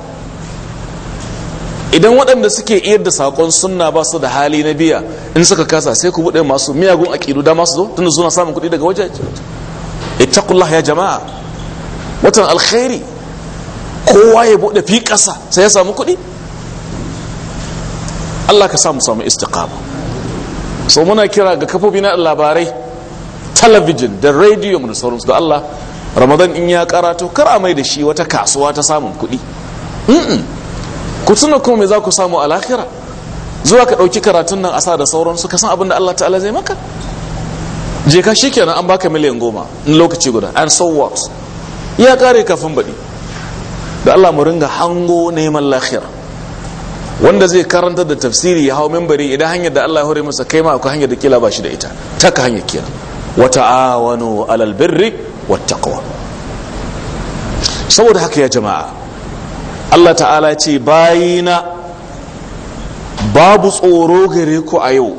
Speaker 1: idan waɗanda suke iyar da saƙon sunna ba su da hali na biya in suka kasa sai ku buɗe masu miyagun aƙidu da masu zo tunda suna samun kuɗi daga waje ittaqullah ya jama'a watan alkhairi kowa ya buɗe fi ƙasa sai ya samu kuɗi Allah ka samu samu istiqama so muna kira ga kafofi na labarai talabijin da rediyo da sauransu da Allah ramadan in ya karato kar a mai da shi wata kasuwa ta samun kuɗi ku tuna kuma me za ku samu a lahira zuwa ka ɗauki karatun nan a sa da sauransu ka san abin da allah ta'ala zai maka je ka shi kenan an baka miliyan goma in lokaci guda and so what ya kare kafin baɗi da allah mu ringa hango neman lahira wanda zai karanta da tafsiri ya hau membari idan hanyar da Allah ya hore masa kai ma akwai hanyar da kila ba shi da ita ta ka hanyar kenan wata ta'awanu alal birri wattaqwa saboda haka ya jama'a Allah ta'ala ce bayina babu tsoro gare ku a yau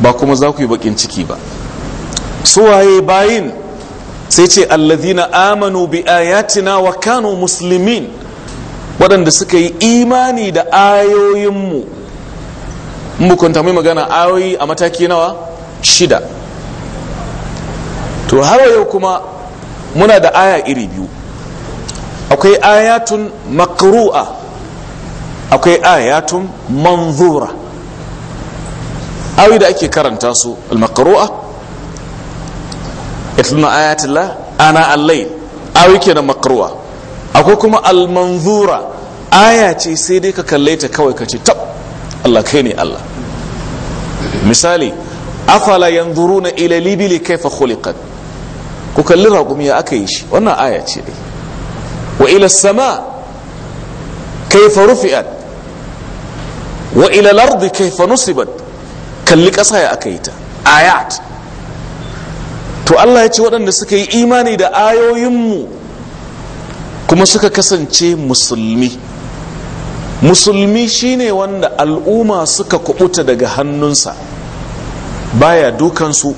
Speaker 1: ba kuma za ku yi bakin ciki ba su waye bayin sai ce allazina amanu bi ayatina wa kanu muslimin waɗanda suka yi imani da ayoyinmu mu kun mai magana ayoyi a mataki nawa shida to har yau kuma muna da aya iri biyu akwai ayatun makru'a akwai ayatun manzura awi da ake karanta su al-makru'a itluna ayatillah ana al-layl awi kenan makru'a akwai kuma al-manzura aya ce sai dai ka kalle ta kawai ka ce tab Allah kai ne Allah misali afala yanzuruna ila libili kaifa khuliqat ku kalli raƙumi ya aka yi shi wannan aya ce wa ila sama kaifa rufi'at wa ila lardi kaifa nusibat kalli ƙasa ya aka yi ta ayat to Allah ya ce waɗanda suka yi imani da ayoyinmu kuma suka kasance musulmi musulmi shine wanda al'umma suka kubuta daga hannunsa baya dukansu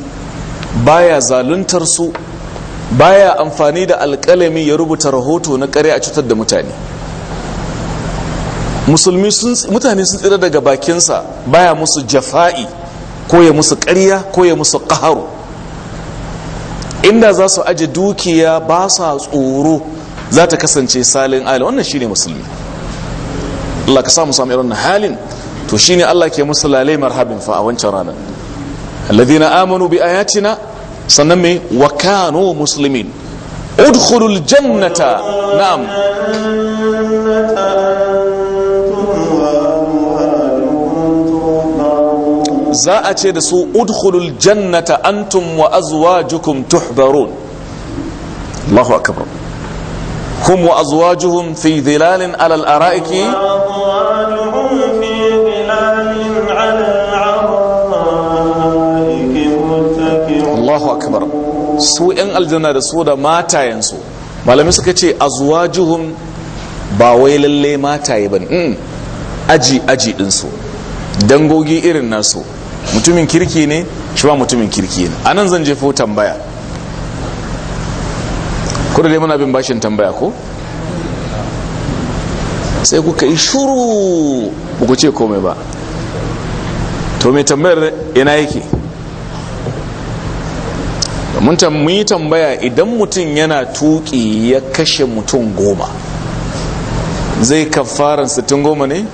Speaker 1: baya zaluntarsu baya amfani da alƙalami ya rubuta rahoto na ƙarya a cutar da mutane musulmi sun mutane sun tsira daga bakinsa baya musu jafa'i ko ya musu ƙarya ko ya musu ƙaharu inda za su aji dukiya ba sa tsoro za ta kasance salin ali wannan shine musulmi Allah ka samu samu irin halin to shine Allah ke musu lalai marhabin fa a wancan ranar alladhina amanu bi ayatina sannan mai wa kano musulmin udkhulul jannata na'am za a ce da su udkhulul jannata antum wa azwajukum tuhbarun Allahu akbar hum wa azwajuhum fi dhilalin alal al-ara'iki su 'yan aljanna da su da matayensu malamai suka ce a zuwa juhun ba wai lalle mataye ba mm. aji aji ɗinsu dangogi irin nasu mutumin kirki ne shi ba mutumin kirki ne anan zan jefo tambaya kudu dai muna bin bashin tambaya ko sai kuka yi shuru ba ku ce komai ba to mai tambayar yana yake domin yi tambaya idan mutum yana tuki ya kashe mutum goma zai kafaran sittin goma ne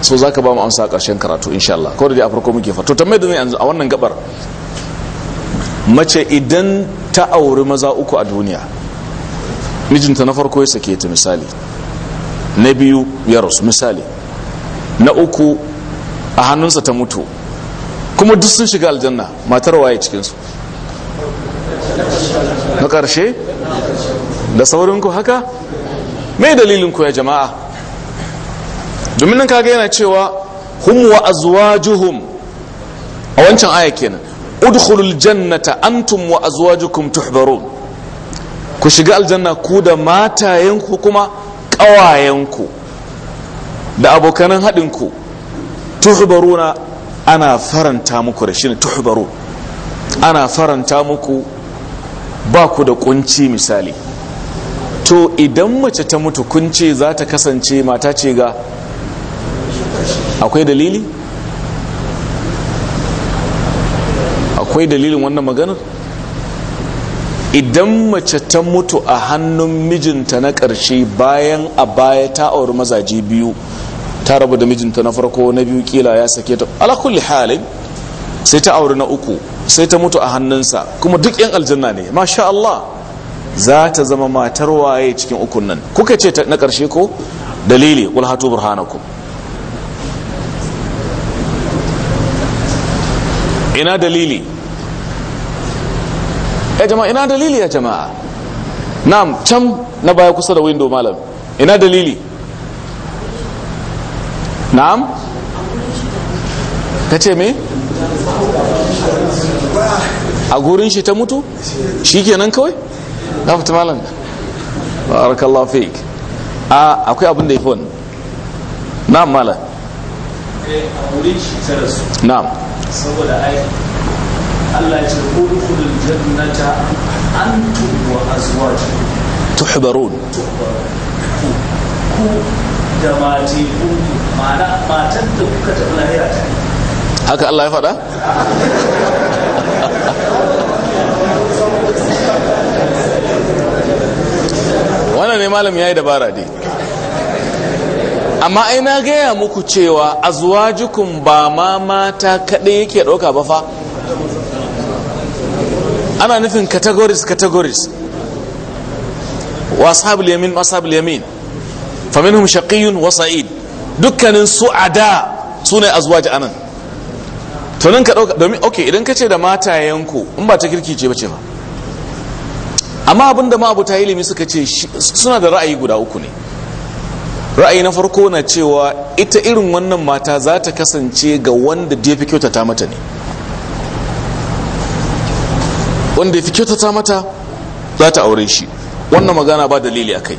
Speaker 1: so za ka ba mu amsa a ƙarshen karatu insha Allah kawai da a farko muke fa to tambayar da zai a wannan gabar mace idan ta auri maza uku a duniya mijinta na farko ya sake ta misali na biyu ya rasu misali na uku a hannunsa ta mutu kuma duk sun shiga aljanna matar waye cikinsu na ƙarshe da saurinku haka mai dalilinku ya jama'a domin nan kaga yana cewa hum wa azwajuhum a wancan aya kenan udkhulul jannata antum wa azwajukum tuhbarun ku shiga aljanna ku da matayenku kuma ƙawayenku da abokanan haɗinku tuhbaruna ana faranta muku da shi ne tuhbaru ana faranta muku ba ku da kunci misali to idan mace ta mutu kunce za ta kasance mata ce ga akwai dalili akwai dalilin wannan maganar idan mace ta mutu a hannun mijinta na ƙarshe bayan a baya ta auri mazaje biyu ta rabu da mijinta na farko na biyu kila ya sake ta ala kulli halin sai ta aure na uku sai ta mutu a hannunsa kuma duk yan aljanna ne masha Allah za ta zama matar waye cikin ukun nan kuka ce na ƙarshe ko dalili qul hatu burhanakum ina dalili ya jama'a ina dalili ya jama'a na'am can na baya kusa da window malam ina dalili na'am ka ce me a gurin shi ta mutu shi kenan kawai na fita malam barakallahu fik a akwai abin da ya fi na mala na saboda Allah ce jannata tuhbarun ku matan da kuka haka Allah ya faɗa wannan ne malam ya yi dabara dai amma ai na gaya muku cewa azwajukum ba ma mata kaɗai yake ɗauka ba fa ana nufin categories categories wa sabul yamin wa sabul yamin faminhum shaqiyyun wa sa'id dukkanin su'ada sune azwaj anan to nan ka dauka domin okay idan ka ce da matayenku in ba ta kirki ce bace ba amma abin da ma'abuta ilimi suka ce suna da ra'ayi guda uku ne ra'ayi na farko na cewa ita irin wannan mata za ta kasance ga wanda da ya fi kyautata mata ne wanda ya fi kyautata mata za ta aure shi wannan magana ba dalili a kai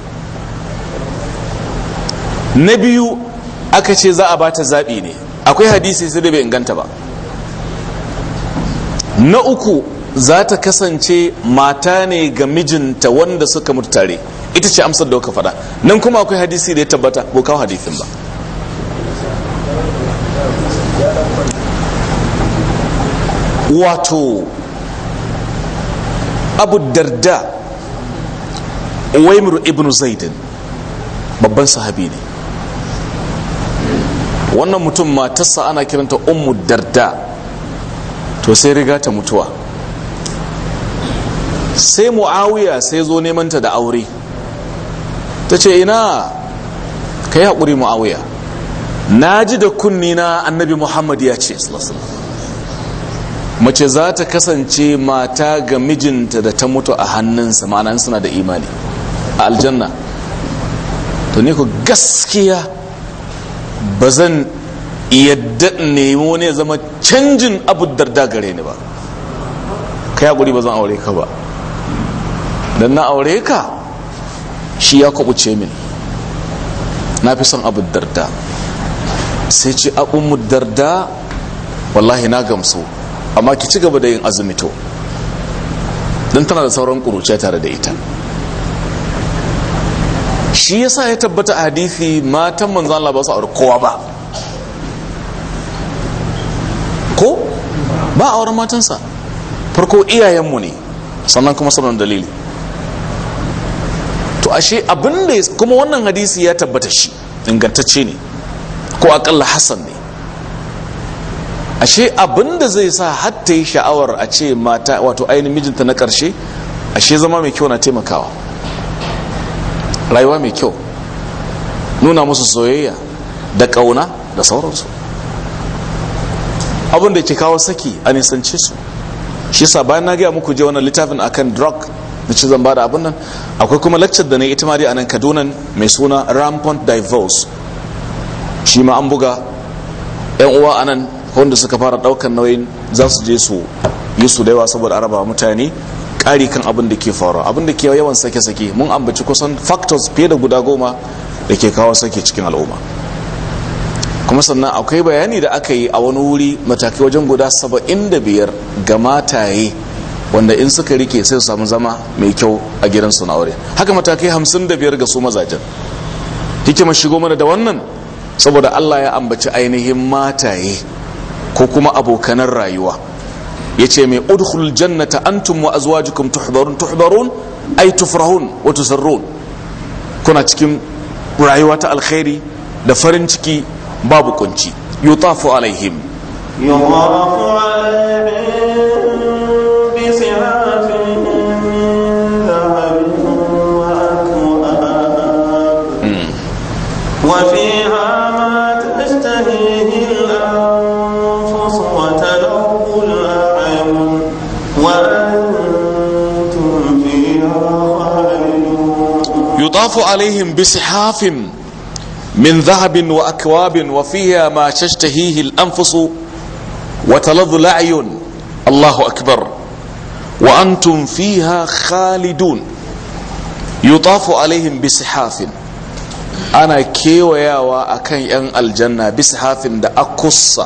Speaker 1: na biyu aka ce za a ba ta zaɓi ne akwai hadisi sai da bai inganta ba na uku za ta kasance mata ne ga mijinta wanda suka mutu tare ita ce amsar da kuka faɗa nan kuma akwai hadisi da ya tabbata ko kawo hadisin ba wato abu darda waimur ibn zaidin babban sahabi ne wannan mutum matarsa ana kiranta ummu darda to sai riga ta mutuwa sai mu'awiya sai zo nemanta da aure ta ce ina ka yi haƙuri mu'awiya na ji da kunni na annabi muhammad ya ce mace za ta kasance mata ga mijinta da ta mutu a hannunsa ma'ana suna da imani a aljanna to ne ku gaskiya ba zan yadda nemo ya zama canjin abu darda gare ni ba ka ya guri ba zan aure ka ba don na aure ka shi ya kwabuce min na fi son abu darda sai ce mu darda wallahi na gamsu amma ki ci gaba da yin azumi to don tana da sauran kuruce tare da ita shi yasa ya tabbata a hadithi matan manzan Allah a kowa ba ba auren matansa farko iyayenmu ne sannan kuma sanan dalili to ashe abin da kuma wannan hadisi ya tabbata shi ingantacce ne ko akalla Hassan ne ashe abin da zai sa hatta yi sha'awar a ce mata wato ainihin mijinta na ƙarshe ashe zama mai kyau na taimakawa rayuwa mai kyau nuna musu soyayya da ƙauna da sauransu abin da ke kawo saki a nisance su shi sa bayan na gaya muku je wannan littafin akan drug da ci zan bada abin nan akwai kuma lecture da na ita ma a nan kaduna mai suna rampant divorce shi ma an buga yan uwa a nan wanda suka fara daukan nauyin za su je su yi su da yawa saboda araba mutane ƙari kan abin da ke faruwa abin da ke yawan sake-sake mun ambaci kusan factors fiye da guda goma da ke kawo sake cikin al'umma kuma sannan akwai bayani da aka yi a wani wuri matakai wajen guda saba'in da biyar ga mataye wanda in suka rike sai su samu zama mai kyau a gidansu na aure haka matakai hamsin da biyar ga su mazajen hikimar shigo mana da wannan saboda allah ya ambaci ainihin mataye ko kuma abokanan rayuwa ya ce mai udhul jannata antum wa azwajukum tuhbarun tuhbarun ai tufrahun wata tusarrun kuna cikin rayuwa ta alkhairi da farin ciki babu kunci yutafu alaihim yutafu alaihim bi
Speaker 3: sihatin وفيها ما تشتهيه الأنفس وتلق
Speaker 1: الأعين وأنتم فيها خالدون يطاف عليهم بصحاف min zahabin wa akwabin wa fiya ma tashtahihi al-anfusu wa taladhu al Allahu akbar wa antum fiha khalidun yu yutafu alaihim bisihafin ana kewayawa akan yan aljanna bisihafin da akussa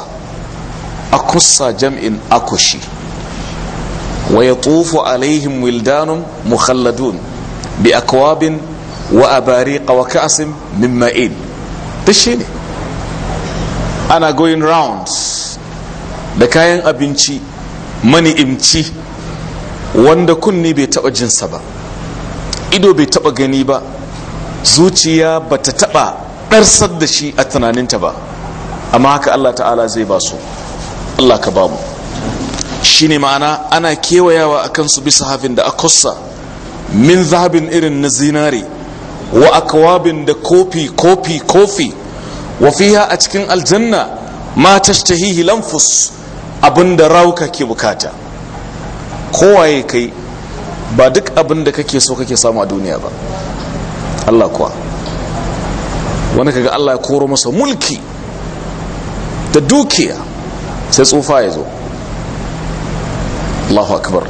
Speaker 1: jam'in akushi wa yatufu alaihim wildanum mukhalladun bi akwabin wa abariqa wa ka'sim min ma'in duk shi ne ana going rounds da kayan abinci mani'imci wanda kunni bai taba jinsa ba ido bai taba gani ba zuciya ba ta taba ɗarsar da shi a tunaninta ba amma haka allah ta'ala zai ba su allah ka ba mu shi ne ma'ana ana kewayawa a kansu bisa hafin da akossa min zahabin irin na zinare wa akwabin da kofi kofi kofi wa fiha a cikin aljanna ma tashtahihi lanfus abinda rauka ke bukata kowaye kai ba duk abin da kake so kake samu a duniya ba Allah kuwa wani kaga Allah ya koro masa mulki da dukiya sai tsufa ya zo Allahu akbar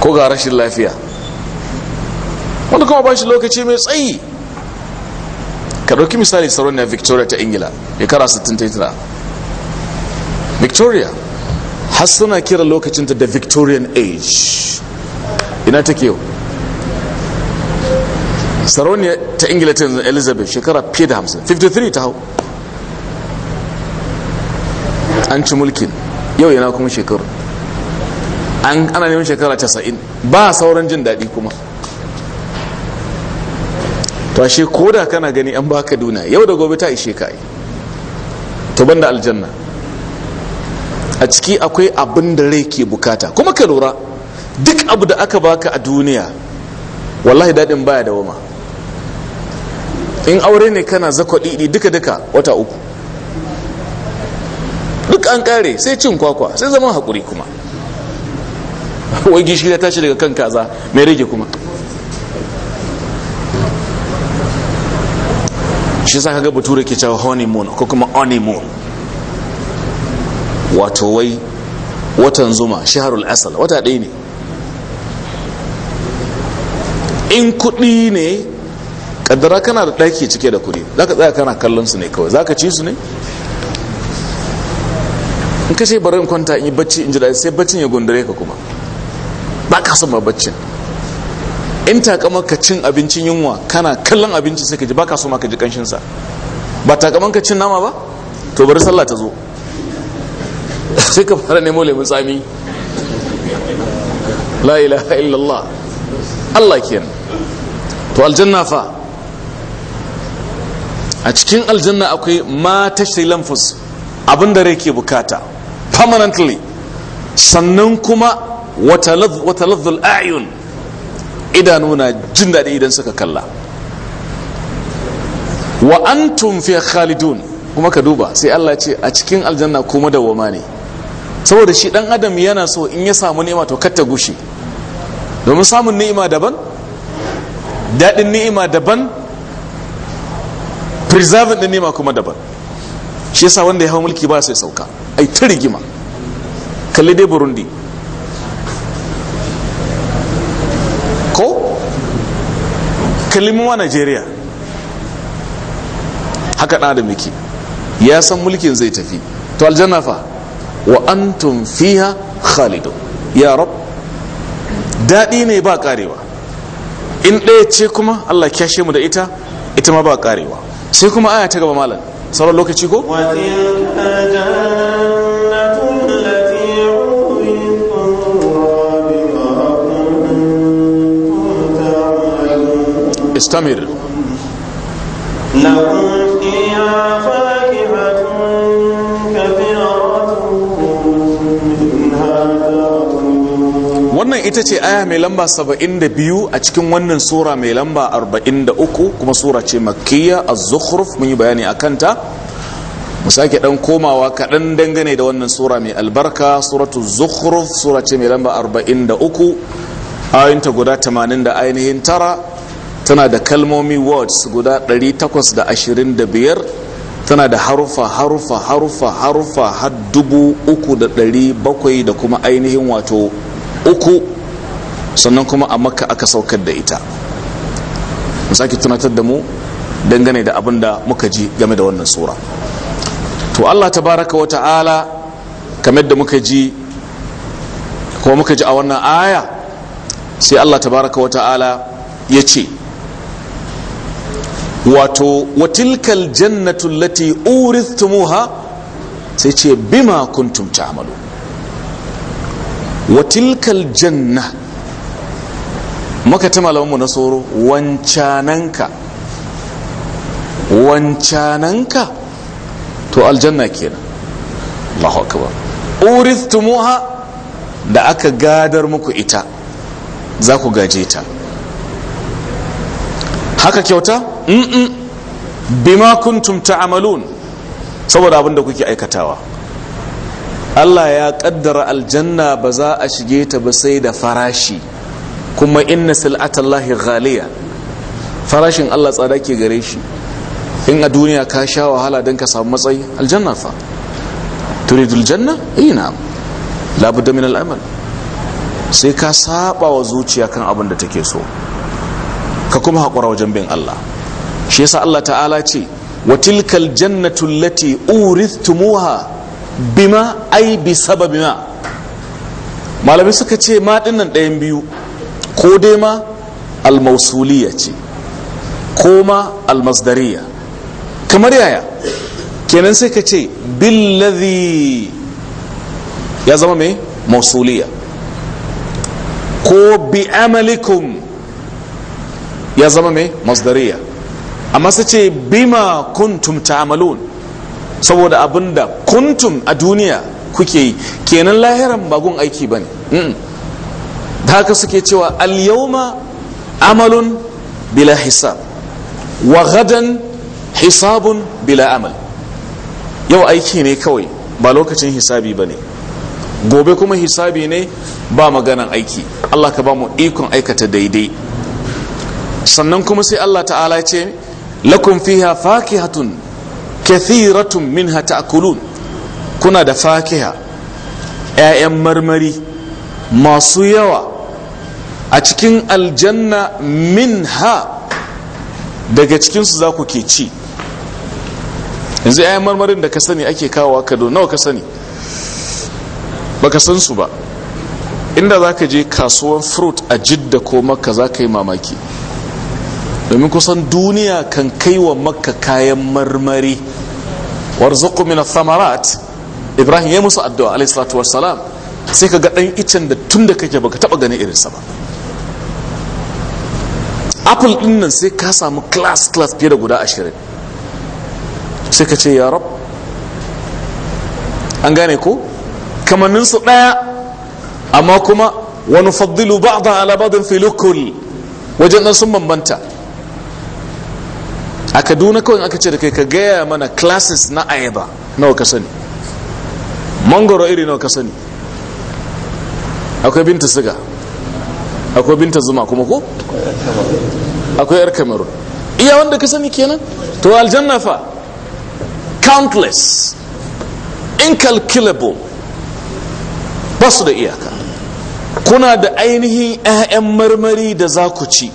Speaker 1: ko ga rashin lafiya wanda kuma ba shi lokaci mai tsayi ka ɗauki misali sarauniyar victoria ta ingila shekara 69 victoria har suna kira lokacinta da victorian age ina take yau sarauniyar ta ingila ta yanzu elizabeth shekara fiye da 50 53 ta hau an ci mulkin yau yana kuma shekaru ana neman shekara 90 ba sauran jin daɗi kuma to ashe ko da kana gani an baka duniya yau da gobe ta ishe ka to banda aljanna a ciki akwai abin da rai ke bukata kuma ka lura duk abu da aka baka a duniya wallahi daɗin baya da wama in aure ne kana zakwa ɗiɗi duka-duka wata uku duk an ƙare sai cin kwakwa sai zama haƙuri kuma wai gishiri ta tashi daga kan kaza mai rage kuma shi yasa kaga bature ke cewa honeymoon ko kuma honeymoon wato wai watan zuma shaharul asal wata ɗaya ne in kuɗi ne ƙaddara kana da ɗaki cike da kuɗi za ka tsaya kana kallon su ne kawai za ka ci su ne in ka bari kwanta in yi bacci in ji sai baccin ya gundare ka kuma ba ka son ma baccin in takamar ka cin abincin yunwa kana kallon abinci sai ka ji baka so ma ka ji kanshin sa ba takamar ka cin nama ba to bari sallah ta zo sai ka fara nemo lemun tsami la ilaha illallah Allah kenan to aljanna fa a cikin aljanna akwai ma tashi lamfus abinda rai ke bukata permanently sannan kuma wata lafzul ayun idanu na jin daɗi idan suka kalla wa antum fi khalidun kuma ka duba sai Allah ce a cikin aljanna kuma wama ne saboda shi dan adam yana so in ya samu ni'ima to katta gushi domin samun ni'ima daban daɗin ni'ima daban preserving din ni'ima kuma daban shi yasa wanda ya hau mulki ba sai sauka ai ta rigima kalli dai burundi kalimowa nigeria haka ɗan da miki ya san mulkin zai tafi to aljanna fa wa antum fiha khalidu ya rab daɗi ne ba ƙarewa. in ɗaya ce kuma allah kyashe mu da ita ita ma ba ƙarewa. sai kuma aya ta gaba malam sauran lokaci ko? istamir wannan ita ce aya mai lamba 72 a cikin wannan sura mai lamba 43 kuma sura ce makiyya a zukhruf mun yi bayani a kanta mu sake dan komawa kaɗan dangane da wannan sura mai albarka suratu zuhruf sura ce mai lamba 43 ayinta guda 80 da ainihin tara tana da kalmomi words guda 825 tana da harufa harufa harufa harufa har dubu uku da ɗari bakwai da kuma ainihin wato uku sannan kuma a makka aka saukar da ita sake tunatar da mu dangane da abin da muka ji game da wannan sura to allah tabaraka wa ta'ala kamar da muka ji kuma muka ji a wannan aya sai allah tabaraka wa ta'ala ya ce wato watilkal jannatu lati urithtumuha sai ce bima kuntum ta'malu watilkal janna maka ta malamanmu na tsoro wancananka wancananka to aljanna kenan Allahu akbar urithtumuha da aka gadar muku ita za ku gaje ta haka kyauta bima kuntum ta'malun saboda abin da kuke aikatawa Allah ya kaddara aljanna ba za a shige ta ba sai da farashi kuma inna sil'atallahi ghaliya farashin Allah tsada ke gare shi in a duniya ka sha wahala don ka samu matsayi aljanna fa turidul janna ina eh, labudda min al'amal sai ka saba wa zuciya kan abin da take so ka kuma haƙura wajen bin Allah shi yasa Allah ta'ala ce wa tilkal jannatu allati urithtumuha bima ai bi sababima malamai suka ce ma dinnan ɗayan biyu ko dai ma almausuliya ce ko ma almasdariya kamar yaya kenan sai ka ce billazi ya zama mai mausuliya ko bi amalikum ya zama mai masdariya amma su ce bima kuntum ta'malun saboda da kuntum a duniya kuke yi kenan lahiran bagun aiki bane da haka suke cewa al amalun bila hisab wa gadan hisabun bila amal yau aiki ne kawai ba lokacin hisabi bane gobe kuma hisabi ne ba maganan aiki Allah ka ba mu ikon aikata daidai sannan kuma sai Allah ta'ala ce lakum fiha fakihatun kathiratun minha ta'kulun kuna da fakiha yayan marmari masu yawa a cikin aljanna minha daga cikinsu za ku ke ci yanzu 'ya'yan marmarin da ka sani ake kawo ka nawa ka sani baka san su ba inda za ka je kasuwan fruit a jidda ko maka za ka yi mamaki domin kusan duniya kan kai wa makka kayan marmari warzuqu min athamarat ibrahim ya musu addu'a alayhi salatu wassalam sai ka ga dan icen da tun da kake baka taba ganin irinsa ba apple din nan sai ka samu class class fiye da guda ashirin sai ka ce ya rab an gane ko kamanninsu ɗaya amma kuma wani faddilu ba'da ala ba'din filukul wajen nan sun bambanta a kaduna kawai aka ce da kai ka gaya mana classes na ayaba nawa ka sani mangoro iri nawa ka sani akwai binta siga akwai binta zuma kuma ko akwai yar kamaru iya wanda ka sani kenan to aljanna fa countless incalculable ba su da iyaka kuna da ainihin 'ya'yan marmari da za ku ci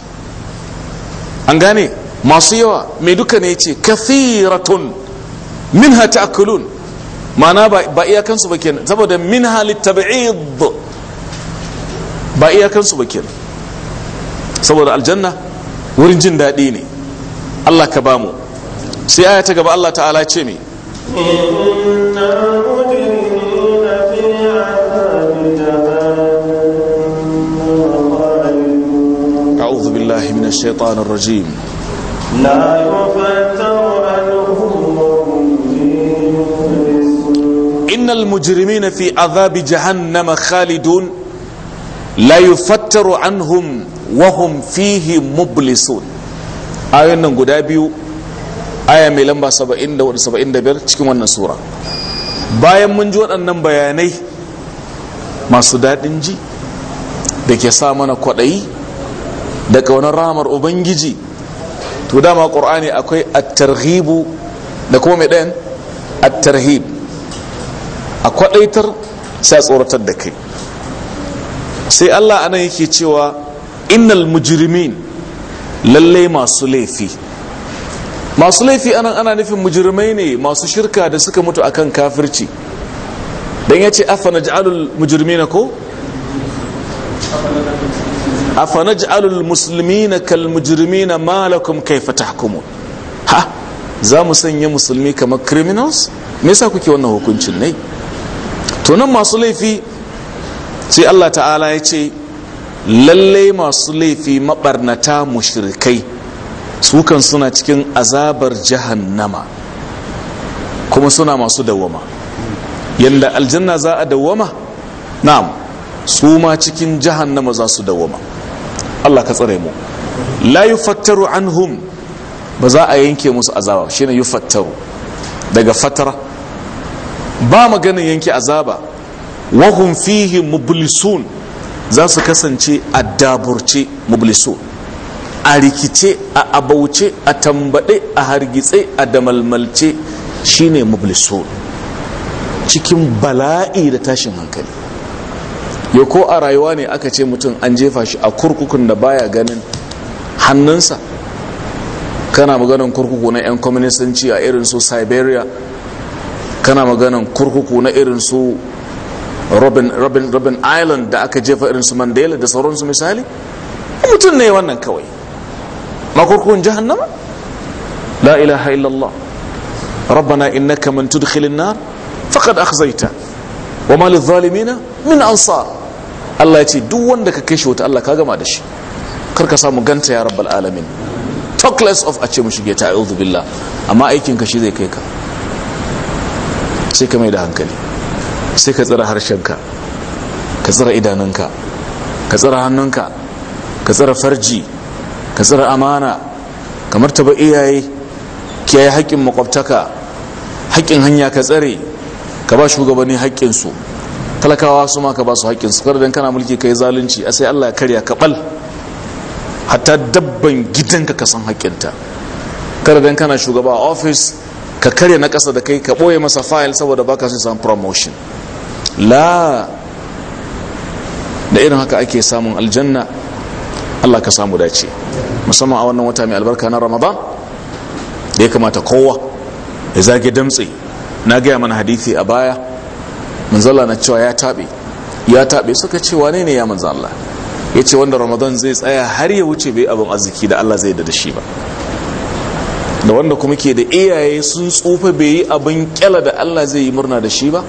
Speaker 1: an gane masu yawa mai duka ne ce kathiratun minha ta'kulun ma'ana ba iyakansu ba kenan saboda min minha litab'id ba iyakansu ba kenan saboda aljanna wurin jin daɗi ne Allah ka bamu sai aya ta gaba Allah ta'ala ce me أعوذ بالله من الشيطان rajim. لا يفتر عنهم azabi المجرمين في عذاب جهنم خالدون لا يفتر عنهم وهم فيه مبلسون nan guda biyu aya mai lamba 74-75 cikin wannan sura bayan mun ji waɗannan bayanai masu daɗin ji da ke sa mana kwaɗayi da ƙaunar ramar ubangiji to dama qur'ani akwai at-targhibu da kuma mai ɗayan at-tarhib a kwaɗaitar sai tsoratar da kai sai Allah anan yake cewa innal mujrimin lalle masu laifi masu laifi anan ana nufin mujrimai ne masu shirka da suka mutu akan kafirci dan yace afa naj'alul mujrimina ko afanaj'alul muslimina kal mujrimina na lakum kayfa tahkumun ha za mu sanya musulmi kamar criminals me yasa kuke wannan hukuncin ne to nan masu laifi sai Allah ta'ala ya ce lalle masu laifi mabarnata mushrikai su kan suna cikin azabar jahannama kuma suna masu dawama yanda aljanna za a dawwama na'am su ma cikin jahannama za su dawwama Allah ka tsare mu la yufattaru anhum ba za a yanke musu azaba shine yufattaru daga fatara ba maganin yanke azaba wa hum fihi mublisun za su kasance a daburce mublisun a rikice a abauce a tambade a hargitse a damalmalce shine mublisun cikin bala'i da tashin hankali ya ko a rayuwa ne aka ce mutum an jefa shi a kurkukun da baya ganin hannunsa kana maganin kurkuku na 'yan kwaminisanci a irin su siberia kana maganin kurkuku na irin su robin, robin, robin island da aka jefa irin su mandela da sauransu misali mutum ne wannan kawai makurkukun jahannama la ilaha illallah rabbana innaka man tudkhilin nar faqad akhzayta wa ma lidh-dhalimin min ansar Allah ya ce duk wanda ka kai shi wata Allah ka gama da shi kar ka samu ganta ya rabbal alamin talk of a ce mu shige ta a'udhu billah amma aikin ka shi zai kai ka sai ka mai da hankali sai ka tsira harshenka ka tsira idanunka ka tsira hannunka ka tsira farji ka tsira amana kamar ta ba iyaye kiyaye haƙƙin makwabtaka haƙƙin hanya ka tsare ka ba shugabanni haƙƙinsu talakawa su ma ka ba su haƙƙin su kar kana mulki yi zalunci a sai Allah ya karya kaɓal hatta dabban gidanka ka san haƙƙinta kar dan kana shugaba a ofis ka karya na ƙasa da kai ka ɓoye masa fayil saboda baka son samun promotion la da irin haka ake samun aljanna Allah ka samu dace musamman a wannan wata mai albarka na ramadan da ya kamata kowa ya zage damtse na gaya mana hadithi a baya manzala na cewa ya tabe ya tabe suka ce wane ne ya manzala Allah ya ce wanda ramadan zai tsaya har ya wuce bai abin arziki da Allah zai da shi ba da wanda kuma ke da iyaye sun tsufa bai yi abin kyala da Allah zai yi murna da shi ba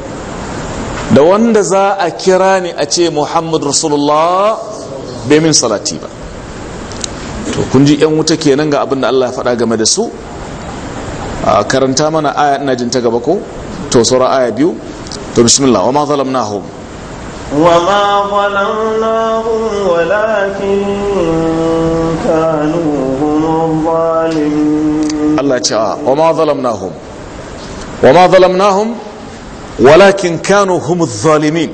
Speaker 1: da wanda za a kira ni a ce muhammad rasulullah bai min salati ba to kun ji yan wuta kenan ga abin da Allah ya faɗa game da su a karanta mana aya ina jin ta gaba ko to sauran aya biyu to bismillah wa ma zalamnahum wa
Speaker 3: ma zalamnahum walakin kanu
Speaker 1: hum zalimin Allah ce ah, wa ma zalamnahum wa ma zalamnahum walakin kanu hum zalimin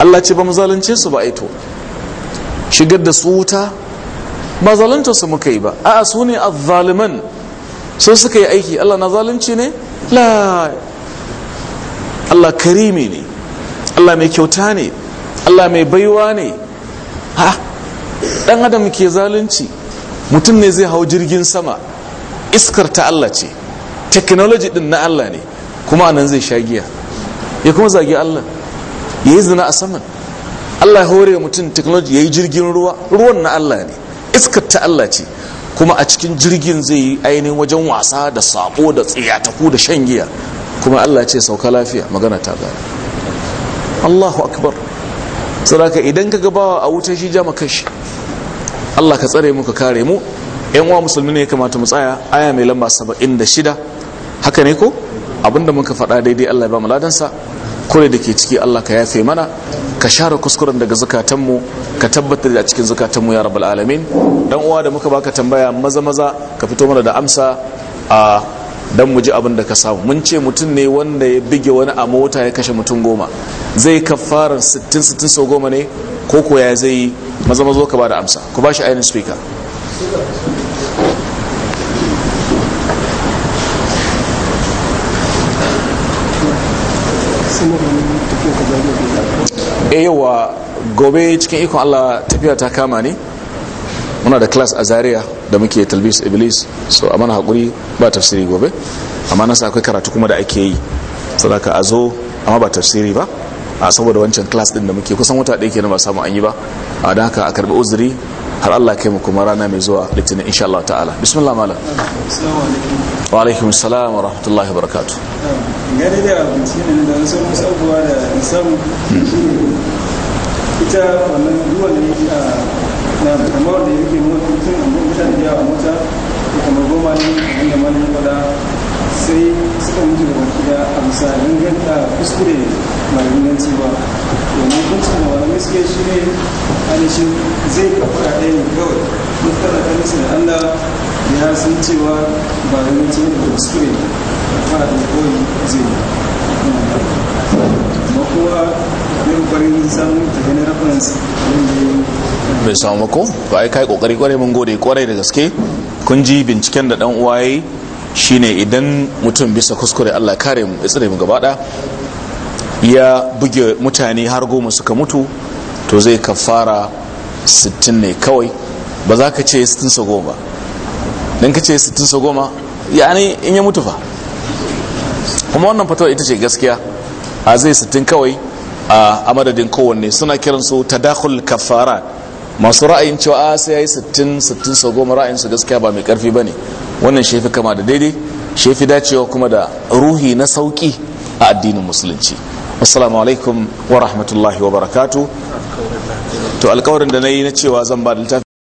Speaker 1: Allah ce ba mu zalunce su ba aito shigar da su wuta ba zalunta su muka yi ba a'a su ne azzaliman sun suka yi aiki Allah na zalunci ne la Allah karimi ne Allah mai kyauta ne Allah mai baiwa ne ha dan adam ke zalunci mutum ne zai hau jirgin sama iskar ta Allah ce technology din na Allah ne kuma anan zai sha giya ya kuma zagi Allah ya yi zina a saman Allah ya hore mutum technology ya yi jirgin ruwa ruwan na Allah ne iskar ta Allah ce kuma a cikin jirgin zai yi ainihin wajen wasa da sabo da tsiyataku da shan giya kuma Allah ce sauka lafiya magana ta gara Allahu akbar sadaka idan ka gabawa a wuce shi jama kashi Allah ka tsare mu ka kare mu yan uwa musulmi ne ya kamata mu tsaya aya mai lamba 76 haka ne ko abinda muka faɗa daidai Allah ya ba mu ladansa kure da ke ciki Allah ka yafe mana ka share kuskuren daga zukatanmu ka tabbatar da cikin zukatanmu ya rabbal alamin dan uwa da muka baka tambaya maza maza ka fito mana da amsa a dan muji abin da ka samu mun ce mutum ne wanda ya bige wani a mota ya kashe mutum goma zai kafaran 60 60 sau goma ne ko ko ya zai maza maza ka ba da amsa ku ba shi ainihin speaker e eh, yawa gobe cikin ikon allah tafiya ta kama ne muna da class a zaria da muke talbis iblis so a mana haƙuri ba tafsiri gobe amma nasa akwai karatu kuma da ake yi sadaka a zo amma ba tafsiri ba a saboda wancan class din da muke kusan wata ɗaya kenan ba samu an yi ba a da haka a karɓi uzuri har Allah kai mu kuma rana mai zuwa litinin insha Allah ta'ala bismillah malam wa alaikum salam wa rahmatullahi wa barakatuh
Speaker 3: da ne sai suka mutu da baki da a bisa danganta kuskure mai inganci ba domin kuncin da wani suke shi ne alishin zai kafara ɗaya ne kawai mutane ta nisa da allah ya san cewa ba inganci ne da kuskure kafara
Speaker 1: da kawai zai yi
Speaker 3: ba kuma yin kwarin samun ta gani reference
Speaker 1: bai samu ko ba ai kai kokari kwarai mun gode kwarai da gaske kun ji binciken da dan uwaye shine idan mutum bisa kuskure Allah kare mu tsire mu gaba ya buge mutane har goma suka mutu to zai kafara 60 ne kawai ba za ka ce 60 sa goma dan ka ce 60 sa goma ne in ya mutu fa kuma wannan fatawa ita ce gaskiya a zai 60 kawai a madadin kowanne suna kiransu tadakhul kafara masu ra'ayin cewa a ah, sai ya yi 60 60 sa goma ra'ayin su gaskiya ba mai karfi ba ne wannan shefi kama da daidai shefi dacewa kuma da ruhi na sauki a addinin musulunci assalamu alaikum wa rahmatullahi wa barakatu to alkawarin da na yi na cewa zan ba da